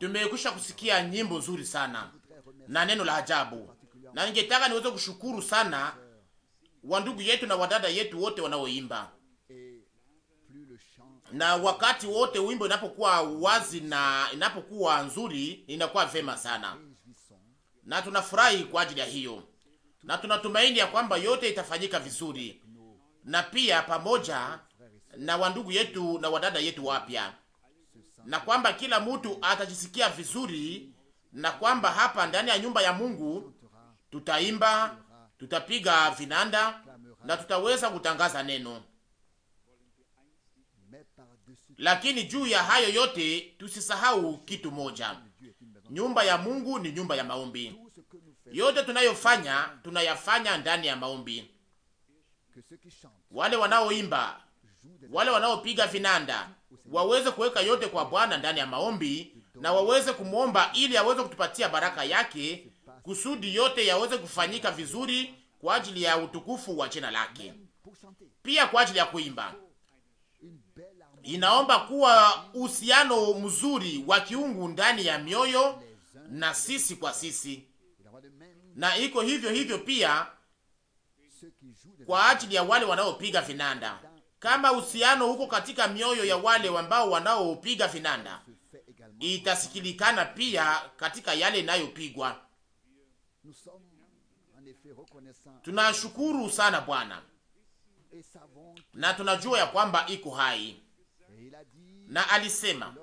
Tumekwisha kusikia nyimbo nzuri sana na neno la ajabu, na ningetaka niweze kushukuru sana wandugu yetu na wadada yetu wote wanaoimba na wakati wote wimbo inapokuwa wazi na inapokuwa nzuri inakuwa vema sana, na tunafurahi kwa ajili ya hiyo, na tunatumaini ya kwamba yote itafanyika vizuri, na pia pamoja na wandugu yetu na wadada yetu wapya, na kwamba kila mtu atajisikia vizuri, na kwamba hapa ndani ya nyumba ya Mungu tutaimba, tutapiga vinanda na tutaweza kutangaza neno. Lakini juu ya hayo yote tusisahau kitu moja: nyumba ya Mungu ni nyumba ya maombi. Yote tunayofanya tunayafanya ndani ya maombi. Wale wanaoimba wale wanaopiga vinanda waweze kuweka yote kwa Bwana ndani ya maombi, na waweze kumwomba ili aweze kutupatia baraka yake, kusudi yote yaweze kufanyika vizuri kwa ajili ya utukufu wa jina lake, pia kwa ajili ya kuimba. Inaomba kuwa uhusiano mzuri wa kiungu ndani ya mioyo na sisi kwa sisi, na iko hivyo hivyo pia kwa ajili ya wale wanaopiga vinanda kama uhusiano huko katika mioyo ya wale ambao wanaopiga vinanda, itasikilikana pia katika yale inayopigwa. Tunashukuru sana Bwana na tunajua ya kwamba iko hai, na alisema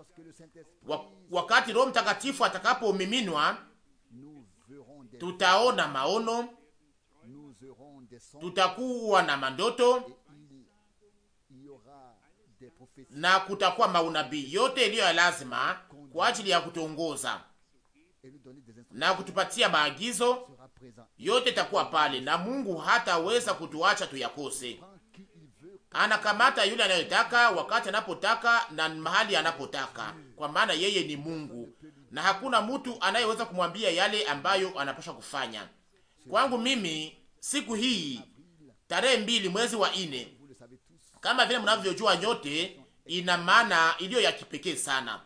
wakati Roho Mtakatifu atakapomiminwa, tutaona maono, tutakuwa na mandoto na kutakuwa maunabii yote iliyo ya lazima kwa ajili ya kutuongoza na kutupatia maagizo yote takuwa pale, na Mungu hataweza kutuacha tuyakose. Anakamata yule anayotaka wakati anapotaka na mahali anapotaka, kwa maana yeye ni Mungu na hakuna mtu anayeweza kumwambia yale ambayo anapasha kufanya. Kwangu mimi siku hii tarehe mbili mwezi wa nne, kama vile mnavyojua nyote, ina maana iliyo ya kipekee sana.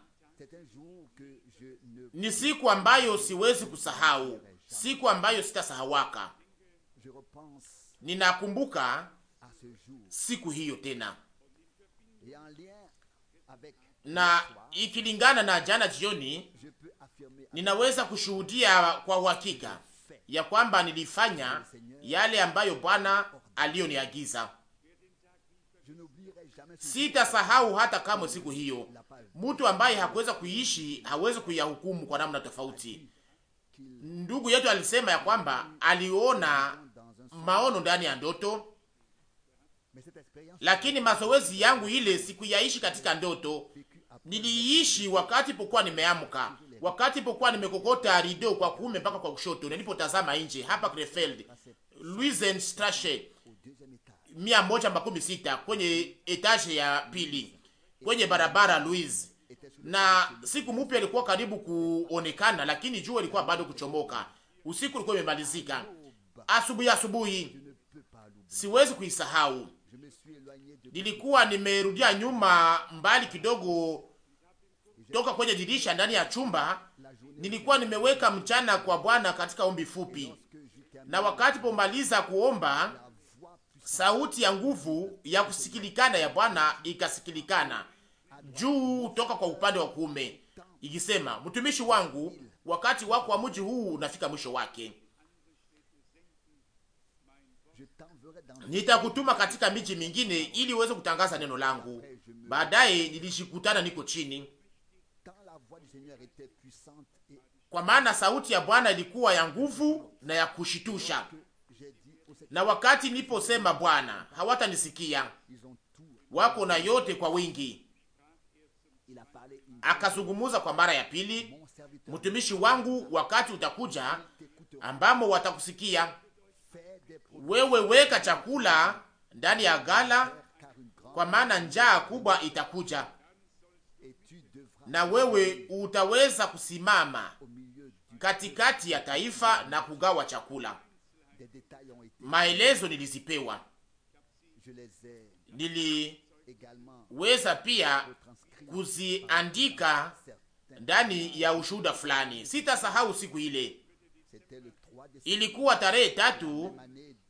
Ni siku ambayo siwezi kusahau, siku ambayo sitasahawaka. Ninakumbuka siku hiyo tena, na ikilingana na jana jioni, ninaweza kushuhudia kwa uhakika ya kwamba nilifanya yale ambayo Bwana aliyoniagiza. Sitasahau hata kamwe siku hiyo. Mtu ambaye hakuweza kuishi hawezi kuyahukumu kwa namna tofauti. Ndugu yetu alisema ya kwamba aliona maono ndani ya ndoto, lakini mazoezi yangu ile sikuyaishi katika ndoto, niliishi wakati pokuwa nimeamka, wakati pokuwa nimekokota rido kwa kuume mpaka kwa kushoto, nilipotazama nje hapa Krefeld Luisenstrasse mia moja makumi sita kwenye etage ya pili kwenye barabara Louise, na siku mupya ilikuwa karibu kuonekana, lakini jua ilikuwa bado kuchomoka. Usiku ulikuwa imemalizika, asubuhi asubuhi, siwezi kuisahau. Nilikuwa nimerudia nyuma mbali kidogo toka kwenye dirisha ndani ya chumba. Nilikuwa nimeweka mchana kwa Bwana katika ombi fupi, na wakati pomaliza kuomba sauti ya nguvu ya kusikilikana ya Bwana ikasikilikana juu toka kwa upande wa kuume ikisema, mtumishi wangu, wakati wako wa mji huu unafika mwisho wake. Nitakutuma katika miji mingine ili uweze kutangaza neno langu. Baadaye nilishikutana niko chini, kwa maana sauti ya Bwana ilikuwa ya nguvu na ya kushitusha na wakati niliposema Bwana hawatanisikia, wako na yote kwa wingi. Akazungumuza kwa mara ya pili, mtumishi wangu, wakati utakuja ambamo watakusikia wewe. Weka chakula ndani ya ghala, kwa maana njaa kubwa itakuja, na wewe utaweza kusimama katikati ya taifa na kugawa chakula maelezo nilizipewa, niliweza pia kuziandika ndani ya ushuhuda fulani. Sitasahau siku ile, ilikuwa tarehe tatu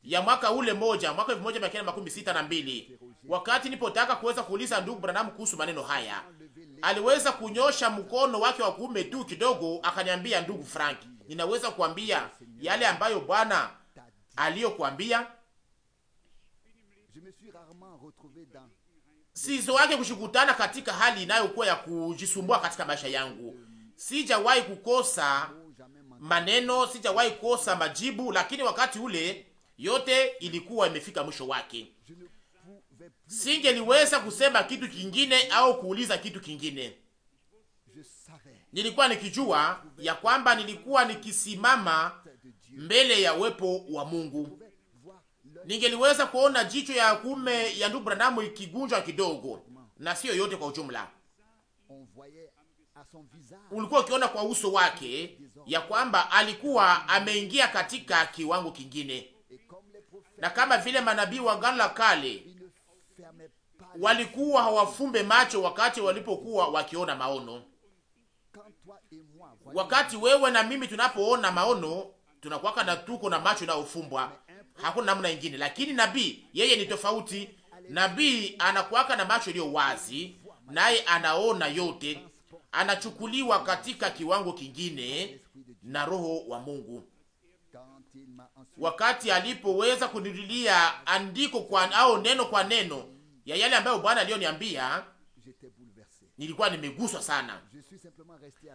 ya mwaka ule moja, mwaka elfu moja mia kenda makumi sita na mbili, wakati nipotaka kuweza kuuliza ndugu Branham kuhusu maneno haya, aliweza kunyosha mkono wake wa kuume tu kidogo, akaniambia, ndugu Frank, ninaweza kuambia yale ambayo Bwana aliyokuambia. sizowake kushikutana katika hali inayokuwa ya kujisumbua katika maisha yangu. Sijawahi kukosa maneno, sijawahi kukosa majibu, lakini wakati ule yote ilikuwa imefika mwisho wake. Singeliweza kusema kitu kingine au kuuliza kitu kingine. Nilikuwa nikijua ya kwamba nilikuwa nikisimama mbele ya uwepo wa Mungu. Ningeliweza kuona jicho ya kume ya ndugu branamu ikigunjwa kidogo, na sio yote kwa ujumla. Ulikuwa ukiona kwa uso wake ya kwamba alikuwa ameingia katika kiwango kingine, na kama vile manabii wa Agano la Kale walikuwa hawafumbe macho wakati walipokuwa wakiona maono. Wakati wewe na mimi tunapoona maono, tunakuwaka na tuko na macho na ufumbwa, hakuna namna ingine. Lakini nabii yeye ni tofauti. Nabii anakuwaka na macho iliyo wazi, naye anaona yote, anachukuliwa katika kiwango kingine na roho wa Mungu. Wakati alipoweza kunirudilia andiko kwa au neno kwa neno ya yale ambayo Bwana aliyoniambia, nilikuwa nimeguswa sana.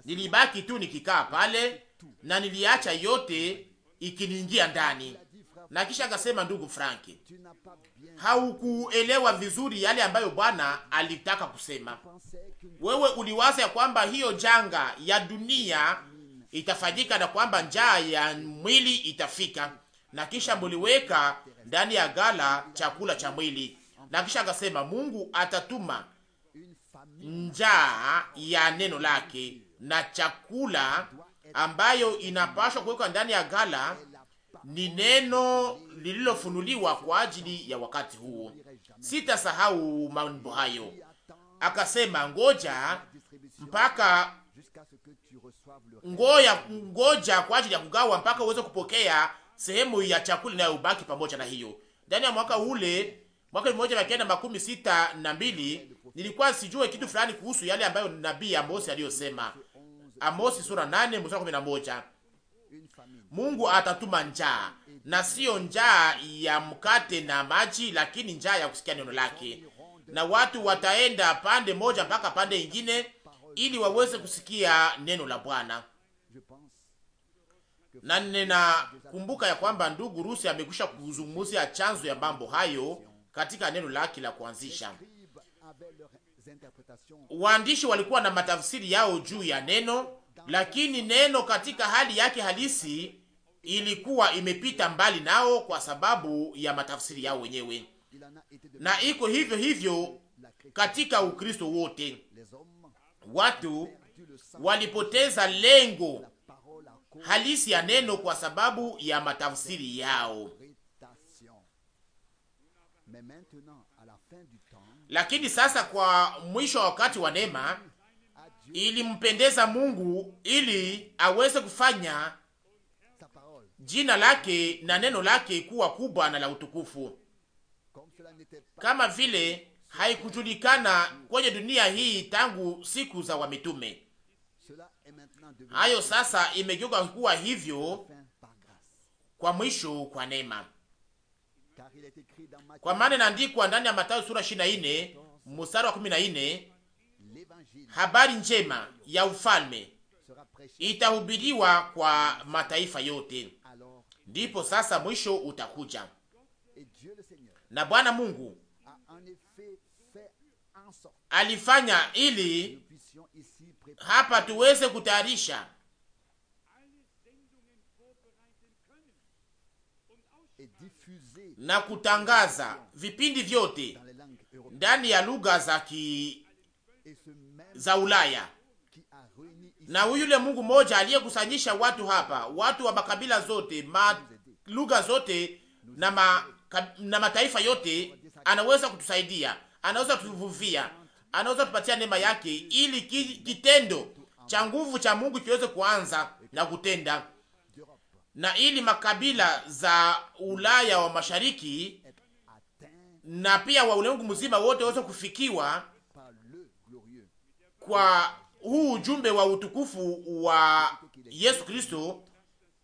Nilibaki tu nikikaa pale na niliacha yote ikiniingia ndani. Na kisha akasema, ndugu Franki, haukuelewa vizuri yale ambayo Bwana alitaka kusema. Wewe uliwaza ya kwamba hiyo janga ya dunia itafanyika na kwamba njaa ya mwili itafika, na kisha muliweka ndani ya gala chakula cha mwili, na kisha akasema Mungu atatuma njaa ya neno lake na chakula ambayo inapashwa kuwekwa ndani ya gala ni neno lililofunuliwa kwa ajili ya wakati huo. Sitasahau mambo hayo. Akasema, ngoja mpaka ngoja, ngoja kwa ajili ya kugawa mpaka uweze kupokea sehemu ya chakula ubaki pamoja na hiyo. Ndani ya mwaka ule, mwaka elfu moja mia kenda makumi sita na mbili, nilikuwa sijue kitu fulani kuhusu yale ambayo nabii Amosi aliyosema Amosi sura nane mstari kumi na moja. Mungu atatuma njaa na siyo njaa ya mkate na maji, lakini njaa ya kusikia neno lake, na watu wataenda pande moja mpaka pande ingine ili waweze kusikia neno la Bwana. Na ninakumbuka ya kwamba ndugu Rusi amekwisha kuzungumzia chanzo ya mambo hayo katika neno lake la kuanzisha waandishi walikuwa na matafsiri yao juu ya neno, lakini neno katika hali yake halisi ilikuwa imepita mbali nao kwa sababu ya matafsiri yao wenyewe, na iko hivyo hivyo katika Ukristo wote. Watu walipoteza lengo halisi ya neno kwa sababu ya matafsiri yao. Lakini sasa kwa mwisho wa wakati wa neema ilimpendeza Mungu ili aweze kufanya jina lake na neno lake kuwa kubwa na la utukufu, kama vile haikujulikana kwenye dunia hii tangu siku za wamitume. Hayo sasa imegeuka kuwa hivyo kwa mwisho kwa neema. Kwa maana inaandikwa ndani ya Mathayo sura 24 mstari wa 14, habari njema ya ufalme itahubiriwa kwa mataifa yote, ndipo sasa mwisho utakuja. Na Bwana Mungu alifanya ili hapa tuweze kutayarisha na kutangaza vipindi vyote ndani ya lugha za ki za Ulaya. Na yule Mungu mmoja aliyekusanyisha watu hapa, watu wa makabila zote, ma lugha zote na, ma, na mataifa yote, anaweza kutusaidia, anaweza kutuvuvia, anaweza kutupatia neema yake, ili kitendo cha nguvu cha Mungu kiweze kuanza na kutenda na ili makabila za Ulaya wa mashariki na pia wa ulimwengu mzima wote waweze kufikiwa kwa huu ujumbe wa utukufu wa Yesu Kristo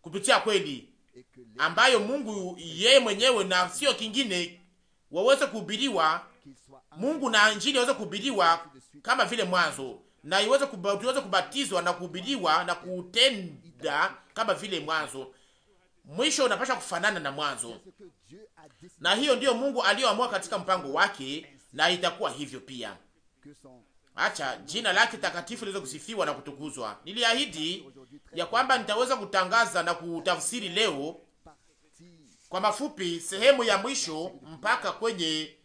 kupitia kweli ambayo Mungu yeye mwenyewe na sio kingine waweze kuhubiriwa Mungu na injili waweze kuhubiriwa kama vile mwanzo, na iweze kubatizwa na kuhubiriwa na kutenda kama vile mwanzo, mwisho unapasha kufanana na mwanzo, na hiyo ndiyo Mungu aliyoamua katika mpango wake, na itakuwa hivyo pia. Acha jina lake takatifu liweze kusifiwa na kutukuzwa. Niliahidi ya kwamba nitaweza kutangaza na kutafsiri leo kwa mafupi sehemu ya mwisho mpaka kwenye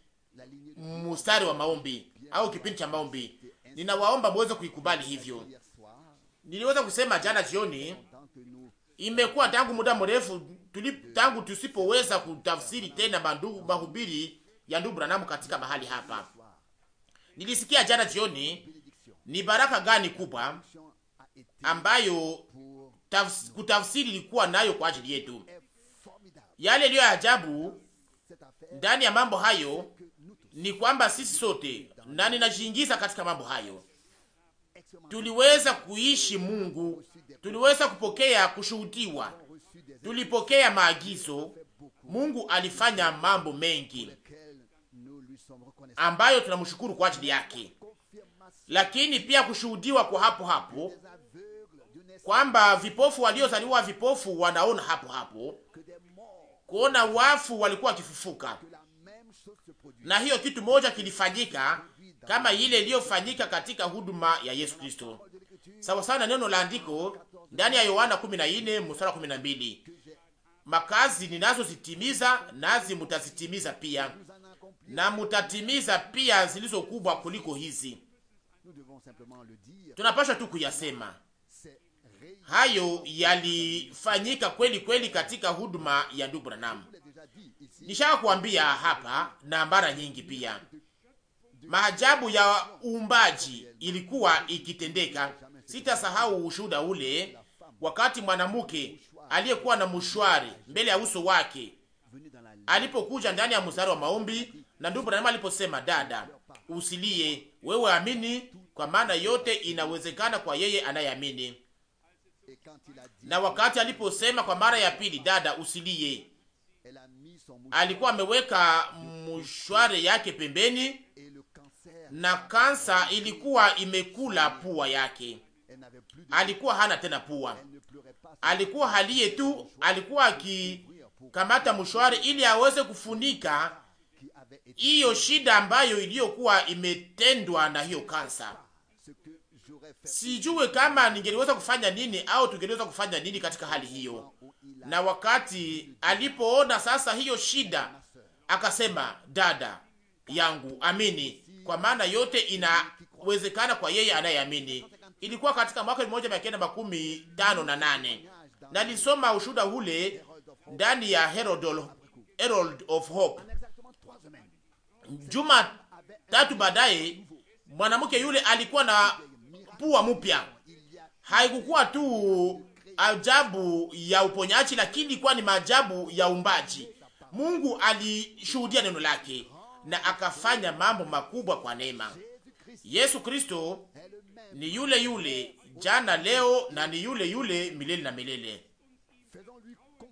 mstari wa maombi au kipindi cha maombi. Ninawaomba muweze kuikubali hivyo. Niliweza kusema jana jioni Imekuwa tangu muda mrefu tulip, tangu tusipoweza kutafsiri tena bandugu mahubiri ya ndugu Branham katika mahali hapa. Nilisikia jana jioni, ni baraka gani kubwa ambayo kutafsiri ilikuwa nayo kwa ajili yetu. Yale iliyo ya ajabu ndani ya mambo hayo ni kwamba sisi sote, na ninajiingiza katika mambo hayo, tuliweza kuishi Mungu tuliweza kupokea kushuhudiwa, tulipokea maagizo. Mungu alifanya mambo mengi ambayo tunamshukuru kwa ajili yake, lakini pia kushuhudiwa kwa hapo hapo kwamba vipofu waliozaliwa vipofu wanaona hapo hapo, kuona wafu walikuwa wakifufuka, na hiyo kitu moja kilifanyika kama ile iliyofanyika katika huduma ya Yesu Kristo, sawasawa na neno la andiko ndani ya Yohana 14 mstari 12, makazi ninazozitimiza nazi mutazitimiza pia, na mutatimiza pia zilizo kubwa kuliko hizi. tunapashwa tu kuyasema hayo, yalifanyika kweli kweli katika huduma ya ndugu Branham. Nishaka kuambia hapa na mara nyingi pia, maajabu ya uumbaji ilikuwa ikitendeka. Sitasahau ushuhuda ule wakati mwanamke aliyekuwa na mushwari mbele ya uso wake alipokuja ndani ya mstari wa maombi, na ndipo Branham aliposema, dada, usilie wewe, amini, kwa maana yote inawezekana kwa yeye anayeamini. Na wakati aliposema kwa mara ya pili, dada, usilie, alikuwa ameweka mushwari yake pembeni na kansa ilikuwa imekula pua yake alikuwa hana tena pua, alikuwa haliye tu, alikuwa akikamata mshwari ili aweze kufunika hiyo shida ambayo iliyokuwa imetendwa na hiyo kansa. Sijue kama ningeliweza kufanya nini au tungeliweza kufanya nini katika hali hiyo. Na wakati alipoona sasa hiyo shida, akasema, dada yangu, amini, kwa maana yote inawezekana kwa yeye anayeamini ilikuwa katika mwaka elfu moja mia kenda makumi tano na nane. Nalisoma ushuda hule ndani ya Herald, Herald of Hope. Juma tatu baadaye mwanamke yule alikuwa na pua mpya. Haikukuwa tu ajabu ya uponyaji, lakini ilikuwa ni maajabu ya umbaji. Mungu alishuhudia neno lake na akafanya mambo makubwa kwa neema. Yesu Kristo ni yule yule jana, leo na ni yule yule milele na milele.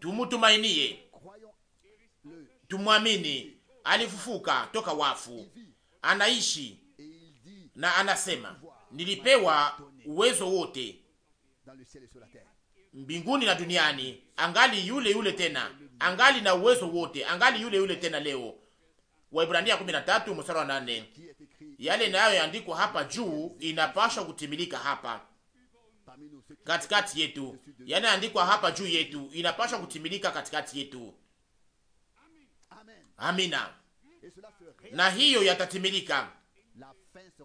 Tumutumainie, tumwamini. Alifufuka toka wafu, anaishi na anasema, nilipewa uwezo wote mbinguni na duniani. Angali yule yule tena, angali na uwezo wote, angali yule yule tena leo. Waibrania 13 mstari wa yale inayoandikwa hapa juu inapashwa kutimilika hapa katikati yetu, yanaandikwa hapa juu yetu inapashwa kutimilika katikati yetu. Amina, na hiyo yatatimilika.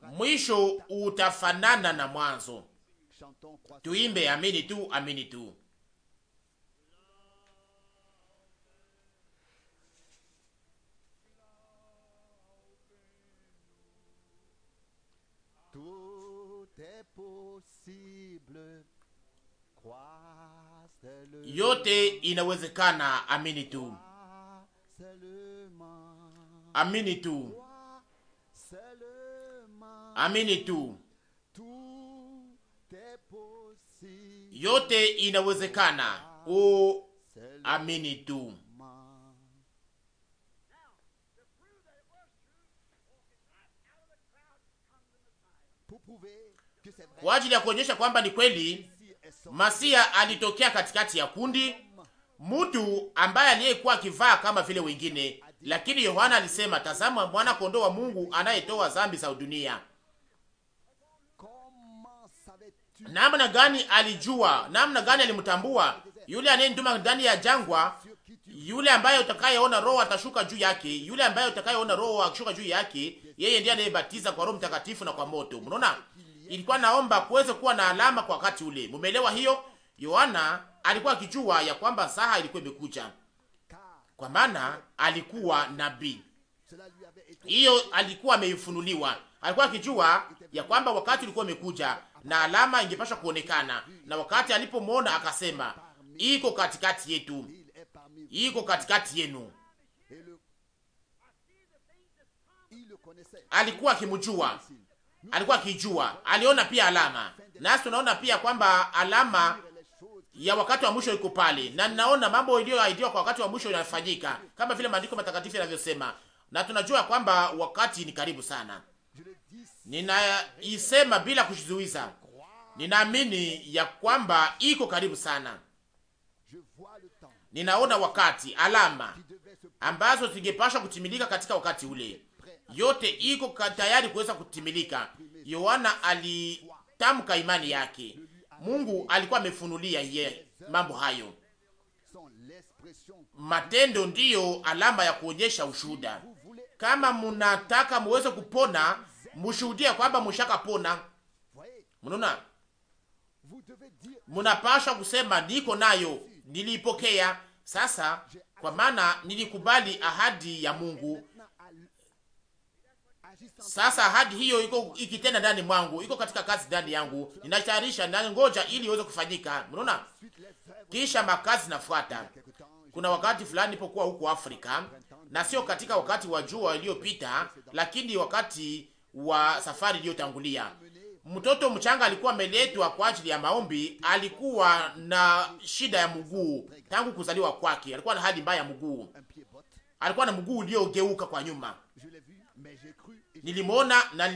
Mwisho utafanana na mwanzo. Tuimbe amini tu, amini tu. Yote inawezekana, amini tu, amini tu, amini tu. Yote inawezekana, o amini tu. kwa ajili ya kuonyesha kwamba ni kweli Masia alitokea katikati ya kundi, mtu ambaye aliyekuwa akivaa kama vile wengine. Lakini Yohana alisema, tazama mwana kondoo wa Mungu anayetoa dhambi za dunia. Namna gani alijua? Namna gani alimtambua? Yule anayenituma ndani ya jangwa, yule ambaye utakayeona Roho atashuka juu yake, yule ambaye utakayeona Roho akishuka juu yake, yeye ndiye anayebatiza kwa Roho Mtakatifu na kwa moto. Mnaona? ilikuwa naomba kuweze kuwa na alama kwa wakati ule. Mumeelewa hiyo? Yohana alikuwa akijua ya kwamba saha ilikuwa imekuja, kwa maana alikuwa nabii. Hiyo alikuwa ameifunuliwa, alikuwa akijua ya kwamba wakati ulikuwa umekuja na alama ingepasha kuonekana, na wakati alipomwona akasema, iko katikati yetu, iko katikati yenu. Alikuwa akimjua alikuwa akijua, aliona pia alama, nasi tunaona pia kwamba alama ya wakati wa mwisho iko pale, na ninaona mambo iliyoahidiwa kwa wakati wa mwisho yanafanyika kama vile maandiko matakatifu yanavyosema, na tunajua kwamba wakati ni karibu sana. Ninaisema bila kujizuiza, ninaamini ya kwamba iko karibu sana. Ninaona wakati alama ambazo zingepashwa kutimilika katika wakati ule yote iko tayari kuweza kutimilika. Yohana alitamka imani yake, Mungu alikuwa amefunulia ye mambo hayo. Matendo ndiyo alama ya kuonyesha ushuhuda. Kama munataka muweze kupona, mushuhudia kwamba mushaka pona. Mnaona, munapashwa kusema niko nayo, niliipokea sasa, kwa maana nilikubali ahadi ya Mungu sasa hadi hiyo iko ikitenda ndani mwangu, iko katika kazi ndani yangu, ninatayarisha ndani, ngoja ili iweze kufanyika. Mnaona, kisha makazi nafuata. Kuna wakati fulani nilipokuwa huko Afrika, na sio katika wakati wa jua iliyopita, lakini wakati wa safari iliyotangulia, mtoto mchanga alikuwa ameletwa kwa ajili ya maombi. Alikuwa na shida ya mguu tangu kuzaliwa kwake, alikuwa na hali mbaya ya mguu, alikuwa na mguu uliogeuka kwa nyuma nilimwona na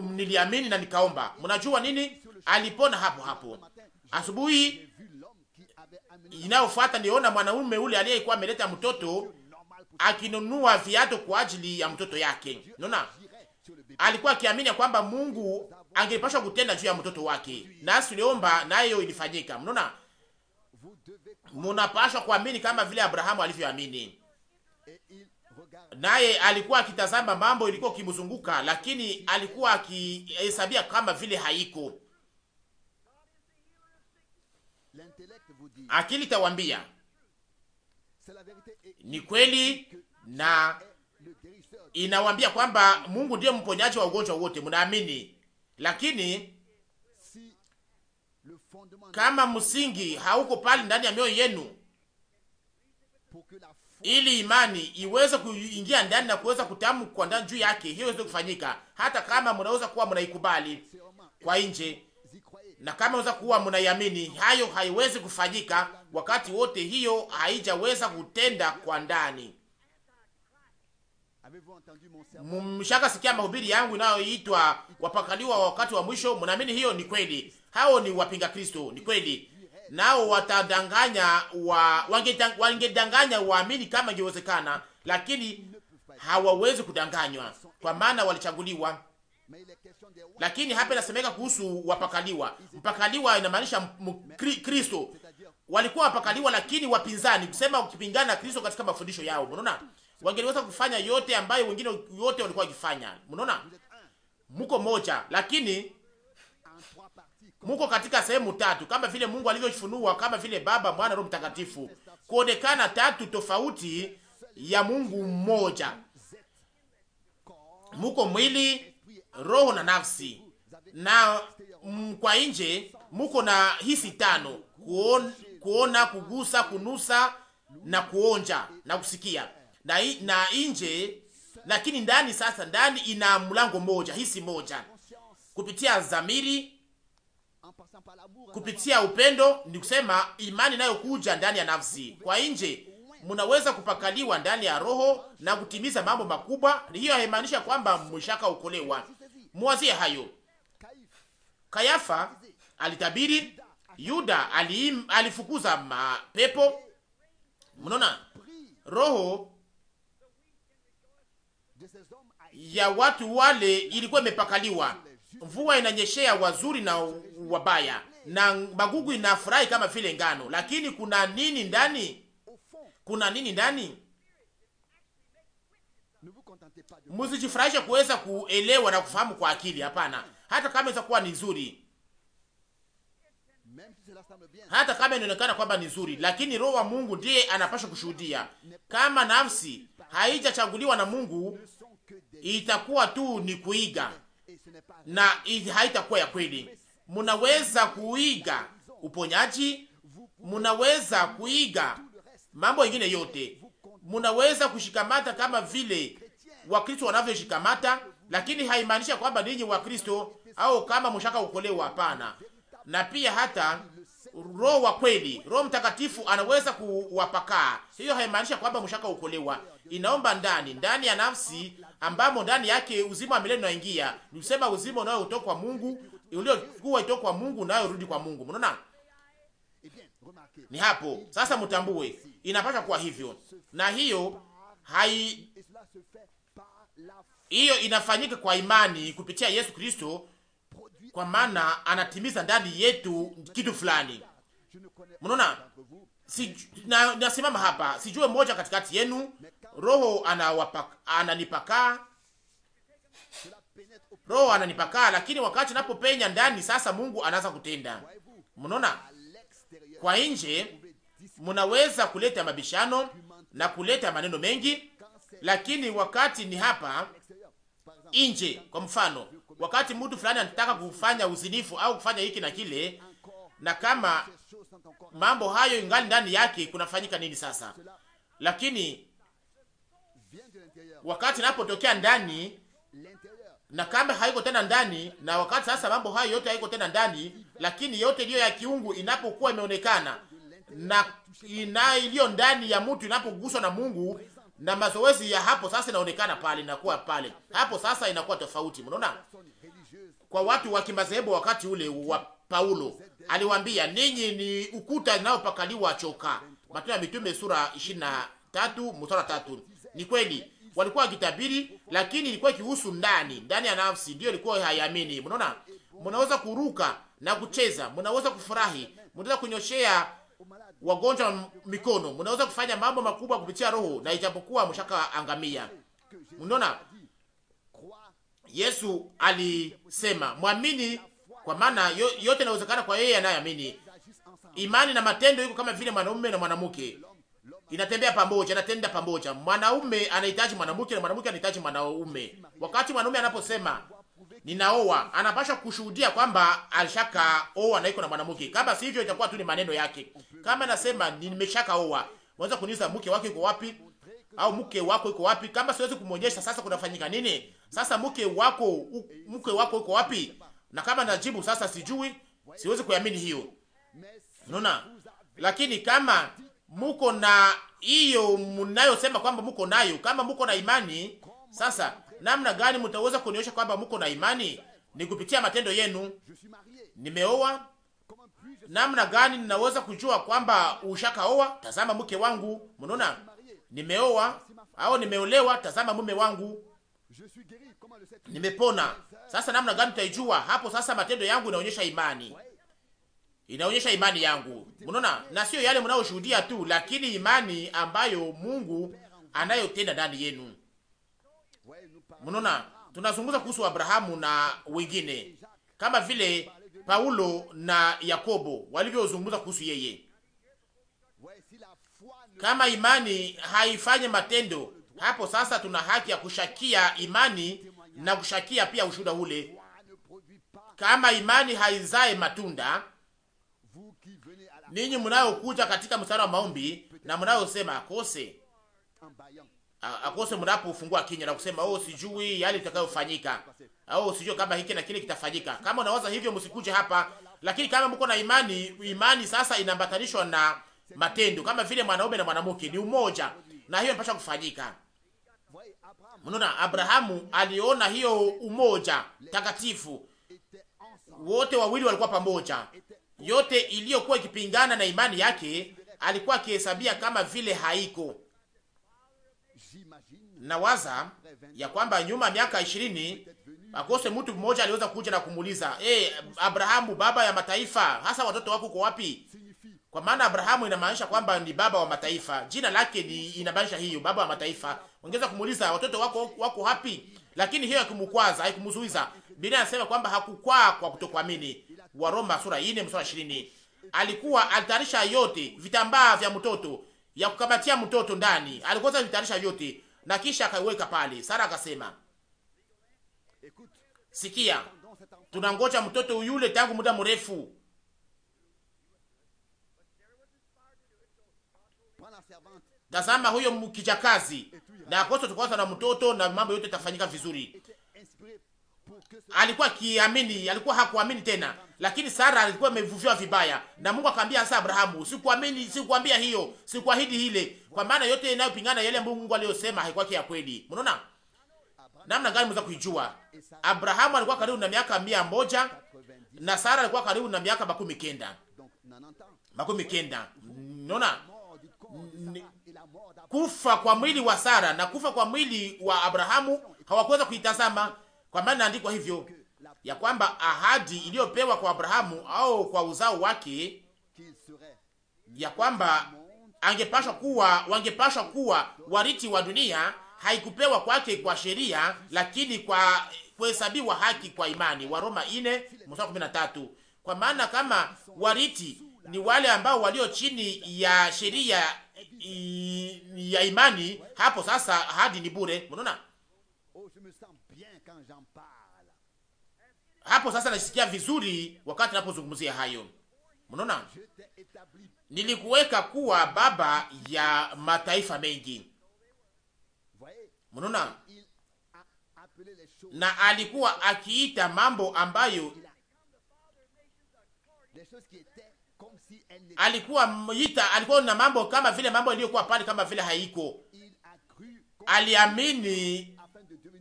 niliamini na nikaomba. Mnajua nini? Alipona hapo hapo. Asubuhi inayofuata niona mwanaume ule aliyekuwa ameleta mtoto akinunua viatu kwa ajili ya mtoto yake. Unaona? Alikuwa akiamini kwamba Mungu angepaswa kutenda juu ya mtoto wake. Nasi tuliomba nayo ilifanyika. Mnaona? Munapashwa kuamini kama vile Abrahamu alivyoamini naye alikuwa akitazama mambo ilikuwa kimzunguka, lakini alikuwa akihesabia kama vile haiko. Akili tawambia ni kweli, na inawambia kwamba Mungu ndiye mponyaji wa ugonjwa wote, mnaamini. Lakini kama msingi hauko pale ndani ya mioyo yenu ili imani iweze kuingia ndani na kuweza kutamkwa ndani juu yake, hiyo iweze kufanyika, hata kama mnaweza kuwa mnaikubali kwa nje na kama unaweza kuwa mnaiamini, hayo haiwezi kufanyika wakati wote, hiyo haijaweza kutenda kwa ndani. Mshaka sikia mahubiri yangu inayoitwa wapakaliwa wakati wa mwisho, mnaamini hiyo ni kweli? Hao ni wapinga Kristo, ni kweli nao watadanganya wa wangedanganya waamini kama ingewezekana, lakini hawawezi kudanganywa kwa maana walichaguliwa. Lakini hapa inasemeka kuhusu wapakaliwa. Mpakaliwa inamaanisha Kristo, walikuwa wapakaliwa, lakini wapinzani, kusema ukipingana na Kristo katika mafundisho yao. Mnaona, wangeweza kufanya yote ambayo wengine wote walikuwa wakifanya. Mnaona, mko moja, lakini muko katika sehemu tatu, kama vile Mungu alivyofunua, kama vile Baba, Mwana, Roho Mtakatifu, kuonekana tatu tofauti ya Mungu mmoja. Muko mwili, roho na nafsi, na m, mm, kwa nje muko na hisi tano: kuona, kuona, kugusa, kunusa na kuonja na kusikia na, na nje. Lakini ndani sasa, ndani ina mlango moja, hisi moja kupitia dhamiri kupitia upendo, ni kusema imani inayokuja ndani ya nafsi. Kwa nje mnaweza kupakaliwa ndani ya roho na kutimiza mambo makubwa. Hiyo haimaanisha kwamba mshaka ukolewa. Mwazie hayo. Kayafa alitabiri, Yuda ali, alifukuza mapepo. Mnaona roho ya watu wale ilikuwa imepakaliwa mvua inanyeshea wazuri na wabaya, na magugu inafurahi kama vile ngano. Lakini kuna nini ndani? Kuna nini ndani? Msijifurahishe kuweza kuelewa na kufahamu kwa akili, hapana. Hata kama inaweza kuwa ni nzuri, hata kama inaonekana kwamba ni nzuri, lakini roho wa Mungu ndiye anapaswa kushuhudia. Kama nafsi haijachaguliwa na Mungu, itakuwa tu ni kuiga na haitakuwa ya kweli. Munaweza kuiga uponyaji, munaweza kuiga mambo mengine yote, munaweza kushikamata kama vile Wakristo wanavyoshikamata, lakini haimaanishi kwamba ninyi Wakristo au kama mshaka ukolewa, hapana. Na pia hata roho wa kweli, Roho Mtakatifu anaweza kuwapakaa. Hiyo haimaanishi kwamba mshaka ukolewa, inaomba ndani ndani ya nafsi, ambamo ndani yake uzima wa milele unaingia. Niusema uzima unao utoka kwa Mungu, uliokuwa utoka kwa Mungu nayo rudi kwa Mungu. Mnaona, ni hapo sasa mtambue, inapaswa kuwa hivyo, na hiyo hai hiyo inafanyika kwa imani kupitia Yesu Kristo, kwa maana anatimiza ndani yetu kitu fulani. Mnaona, si na, nasimama hapa, sijue mmoja katikati yenu, roho anawapa ananipakaa, roho ananipaka, lakini wakati napopenya ndani sasa, Mungu anaanza kutenda. Mnaona, kwa nje mnaweza kuleta mabishano na kuleta maneno mengi, lakini wakati ni hapa nje. Kwa mfano, wakati mtu fulani anataka kufanya uzinifu au kufanya hiki na kile, na kama mambo hayo ingali ndani yake, kunafanyika nini sasa? Lakini wakati napotokea ndani na kama haiko tena ndani, na wakati sasa mambo hayo yote haiko tena ndani, lakini yote iliyo ya kiungu inapokuwa imeonekana na ina iliyo ndani ya mtu inapoguswa na Mungu na mazoezi ya hapo sasa inaonekana pale, inakuwa pale hapo sasa inakuwa tofauti. Mnaona, kwa watu wa kimadhehebu wakati ule wa Paulo aliwambia, ninyi ni ukuta inayopakaliwa choka. Matendo ya Mitume sura 23 mstari 3. Ni kweli walikuwa wakitabiri, lakini ilikuwa ikihusu ndani, ndani ya nafsi, ndio ilikuwa haiamini. Mnaona, mnaweza kuruka na kucheza, mnaweza kufurahi, mnaweza kunyoshea wagonjwa mikono, mnaweza kufanya mambo makubwa kupitia Roho, na ijapokuwa mshaka angamia. Mnaona, Yesu alisema mwamini kwa maana yote inawezekana kwa yeye anayeamini. Imani na matendo iko kama vile mwanaume na mwanamke inatembea pamoja, inatenda pamoja. Mwanaume anahitaji mwanamke na mwanamke anahitaji mwanaume. Wakati mwanaume anaposema ninaoa, anapasha kushuhudia kwamba alishaka oa na iko na mwanamke. Kama sivyo, itakuwa tu ni maneno yake. Kama anasema nimeshaka oa, unaweza kuniuliza mke wake yuko wapi? Au mke wako yuko wapi? Kama siwezi kumwonyesha, sasa kunafanyika nini? Sasa mke wako mke wako yuko wapi? na kama najibu sasa, sijui, siwezi kuamini hiyo, unaona. Lakini kama muko na hiyo mnayosema kwamba muko nayo, kama muko na imani, sasa namna gani mtaweza kunionyesha kwamba muko na imani? Ni kupitia matendo yenu. Nimeoa, namna gani ninaweza kujua kwamba ushakaoa? Tazama mke wangu, mnaona, nimeoa au nimeolewa, tazama mume wangu, nimepona sasa namna gani tutaijua Hapo sasa matendo yangu inaonyesha imani, inaonyesha imani yangu, unaona, na sio yale mnayoshuhudia tu, lakini imani ambayo Mungu anayotenda ndani yenu. Mnaona, tunazungumza kuhusu Abrahamu na wengine kama vile Paulo na Yakobo walivyozungumza kuhusu yeye. Kama imani haifanye matendo, hapo sasa tuna haki ya kushakia imani na kushakia pia ushuda ule. Kama imani haizae matunda, ninyi mnayokuja katika mstari wa maombi na mnayosema akose akose, mnapofungua kinywa na kusema oh, sijui yale itakayofanyika au oh, sijui kama hiki na kile kitafanyika. Kama unawaza hivyo, msikuje hapa. Lakini kama mko na imani, imani sasa inambatanishwa na matendo, kama vile mwanaume na mwanamke ni umoja, na hiyo inapaswa kufanyika. Mnaona, Abrahamu aliona hiyo umoja takatifu, wote wawili walikuwa pamoja. Yote iliyokuwa ikipingana na imani yake alikuwa akihesabia kama vile haiko. Nawaza ya kwamba nyuma ya miaka ishirini akose mtu mmoja aliweza kuja na kumuuliza, hey, eh, Abrahamu, baba ya mataifa, hasa watoto wako uko wapi? Kwa maana Abrahamu inamaanisha kwamba ni baba wa mataifa, jina lake ni inamaanisha hiyo, baba wa mataifa. Ungeweza kumuuliza watoto wako wako hapi, lakini hiyo haikumkwaza, haikumzuiza. Biblia inasema kwamba hakukwaa kwa kutokuamini, wa Roma sura 4 mstari 20. Alikuwa alitarisha yote, vitambaa vya mtoto ya kukamatia mtoto ndani, alikuwa alitayarisha yote na kisha akaiweka pale. Sara akasema, sikia, tunangoja mtoto yule tangu muda mrefu tazama huyo mkijakazi na apostol tukwanza na mtoto na mambo yote tafanyika vizuri. Alikuwa akiamini, alikuwa hakuamini tena, lakini Sara alikuwa amevuviwa vibaya, na Mungu akamwambia sasa Abrahamu, sikuamini, sikuambia hiyo, sikuahidi ile, kwa maana yote inayopingana yale ambayo Mungu aliyosema haikuwa ya kweli. Mnaona namna gani mweza kuijua? Abrahamu alikuwa karibu na miaka mia moja na Sara alikuwa karibu na miaka makumi kenda, makumi kenda. Mnaona kufa kwa mwili wa Sara na kufa kwa mwili wa Abrahamu hawakuweza kuitazama, kwa maana andikwa hivyo ya kwamba ahadi iliyopewa kwa Abrahamu au kwa uzao wake ya kwamba angepashwa kuwa wangepashwa kuwa warithi wa dunia haikupewa kwake kwa, sheria lakini kwa kuhesabiwa haki kwa imani, roma 4 mstari 13. Kwa maana kama warithi ni wale ambao walio chini ya sheria ya imani hapo sasa hadi ni bure. Unaona oh, hapo sasa nasikia vizuri wakati napozungumzia hayo. Unaona, nilikuweka kuwa baba ya mataifa mengi. Unaona, na alikuwa akiita mambo ambayo alikuwa yita, alikuwa na mambo kama vile mambo iliyokuwa pale kama vile haiko. Aliamini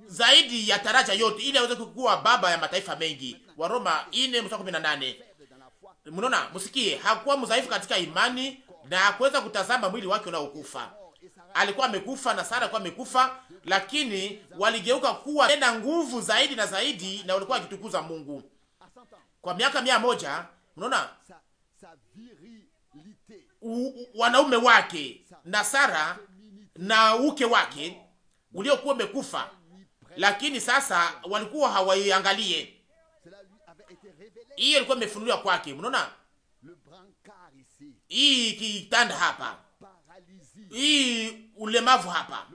zaidi ya taraja yote ili aweze kuwa baba ya mataifa mengi. Waroma 4:18. Mnaona, msikie, hakuwa mdhaifu katika imani na hakuweza kutazama mwili wake unaokufa. Alikuwa amekufa na Sara alikuwa amekufa, lakini waligeuka kuwa tena nguvu zaidi na zaidi, na walikuwa wakitukuza Mungu kwa miaka mia moja. Mnaona wanaume wake na Sara na uke wake uliokuwa umekufa, lakini sasa walikuwa hawaiangalie. Hiyo ilikuwa imefunuliwa kwake. Mnaona hii kitanda hapa, hii ulemavu hapa,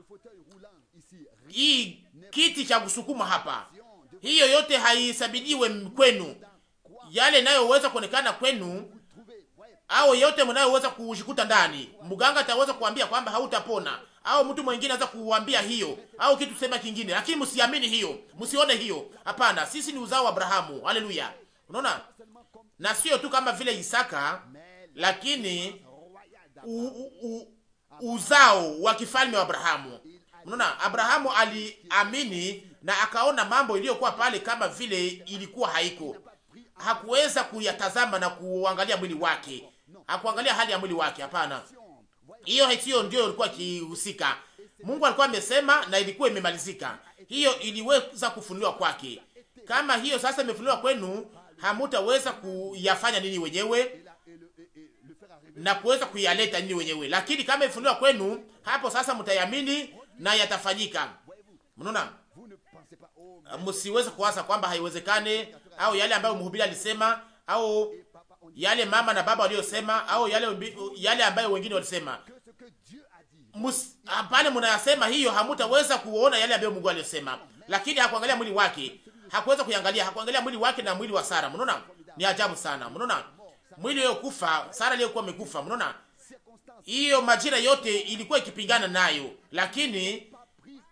hii kiti cha kusukuma hapa, hiyo yote haisabidiwe kwenu. Yale inayoweza kuonekana kwenu au yote mnayoweza kushikuta ndani. Mganga ataweza kuambia kwamba hautapona, au mtu mwingine anaweza kuambia hiyo au kitu sema kingine, lakini msiamini hiyo, msione hiyo. Hapana, sisi ni uzao wa Abrahamu. Haleluya! Unaona, na sio tu kama vile Isaka, lakini u, u, u, uzao wa kifalme wa Abrahamu. Unaona, Abrahamu aliamini na akaona mambo iliyokuwa pale kama vile ilikuwa haiko, hakuweza kuyatazama na kuangalia mwili wake, hakuangalia hali ya mwili wake. Hapana, hiyo hiyo ndio ilikuwa kihusika. Mungu alikuwa amesema na ilikuwa imemalizika. Hiyo iliweza kufunuliwa kwake. Kama hiyo sasa imefunuliwa kwenu, hamutaweza kuyafanya nini wenyewe na kuweza kuyaleta nini wenyewe, lakini kama imefunuliwa kwenu, hapo sasa mtayamini na yatafanyika. Mnaona, msiweze kuwaza kwamba haiwezekane au yale ambayo mhubiri alisema au yale mama na baba waliosema, au yale yale ambayo wengine walisema. Hapana, mnayasema hiyo, hamutaweza kuona yale ambayo Mungu aliyosema. Lakini hakuangalia mwili wake, hakuweza kuiangalia, hakuangalia mwili wake na mwili wa Sara. Mnaona ni ajabu sana, mnaona mwili uliokufa, Sara aliyokuwa amekufa, mnaona hiyo majira yote ilikuwa ikipingana nayo, lakini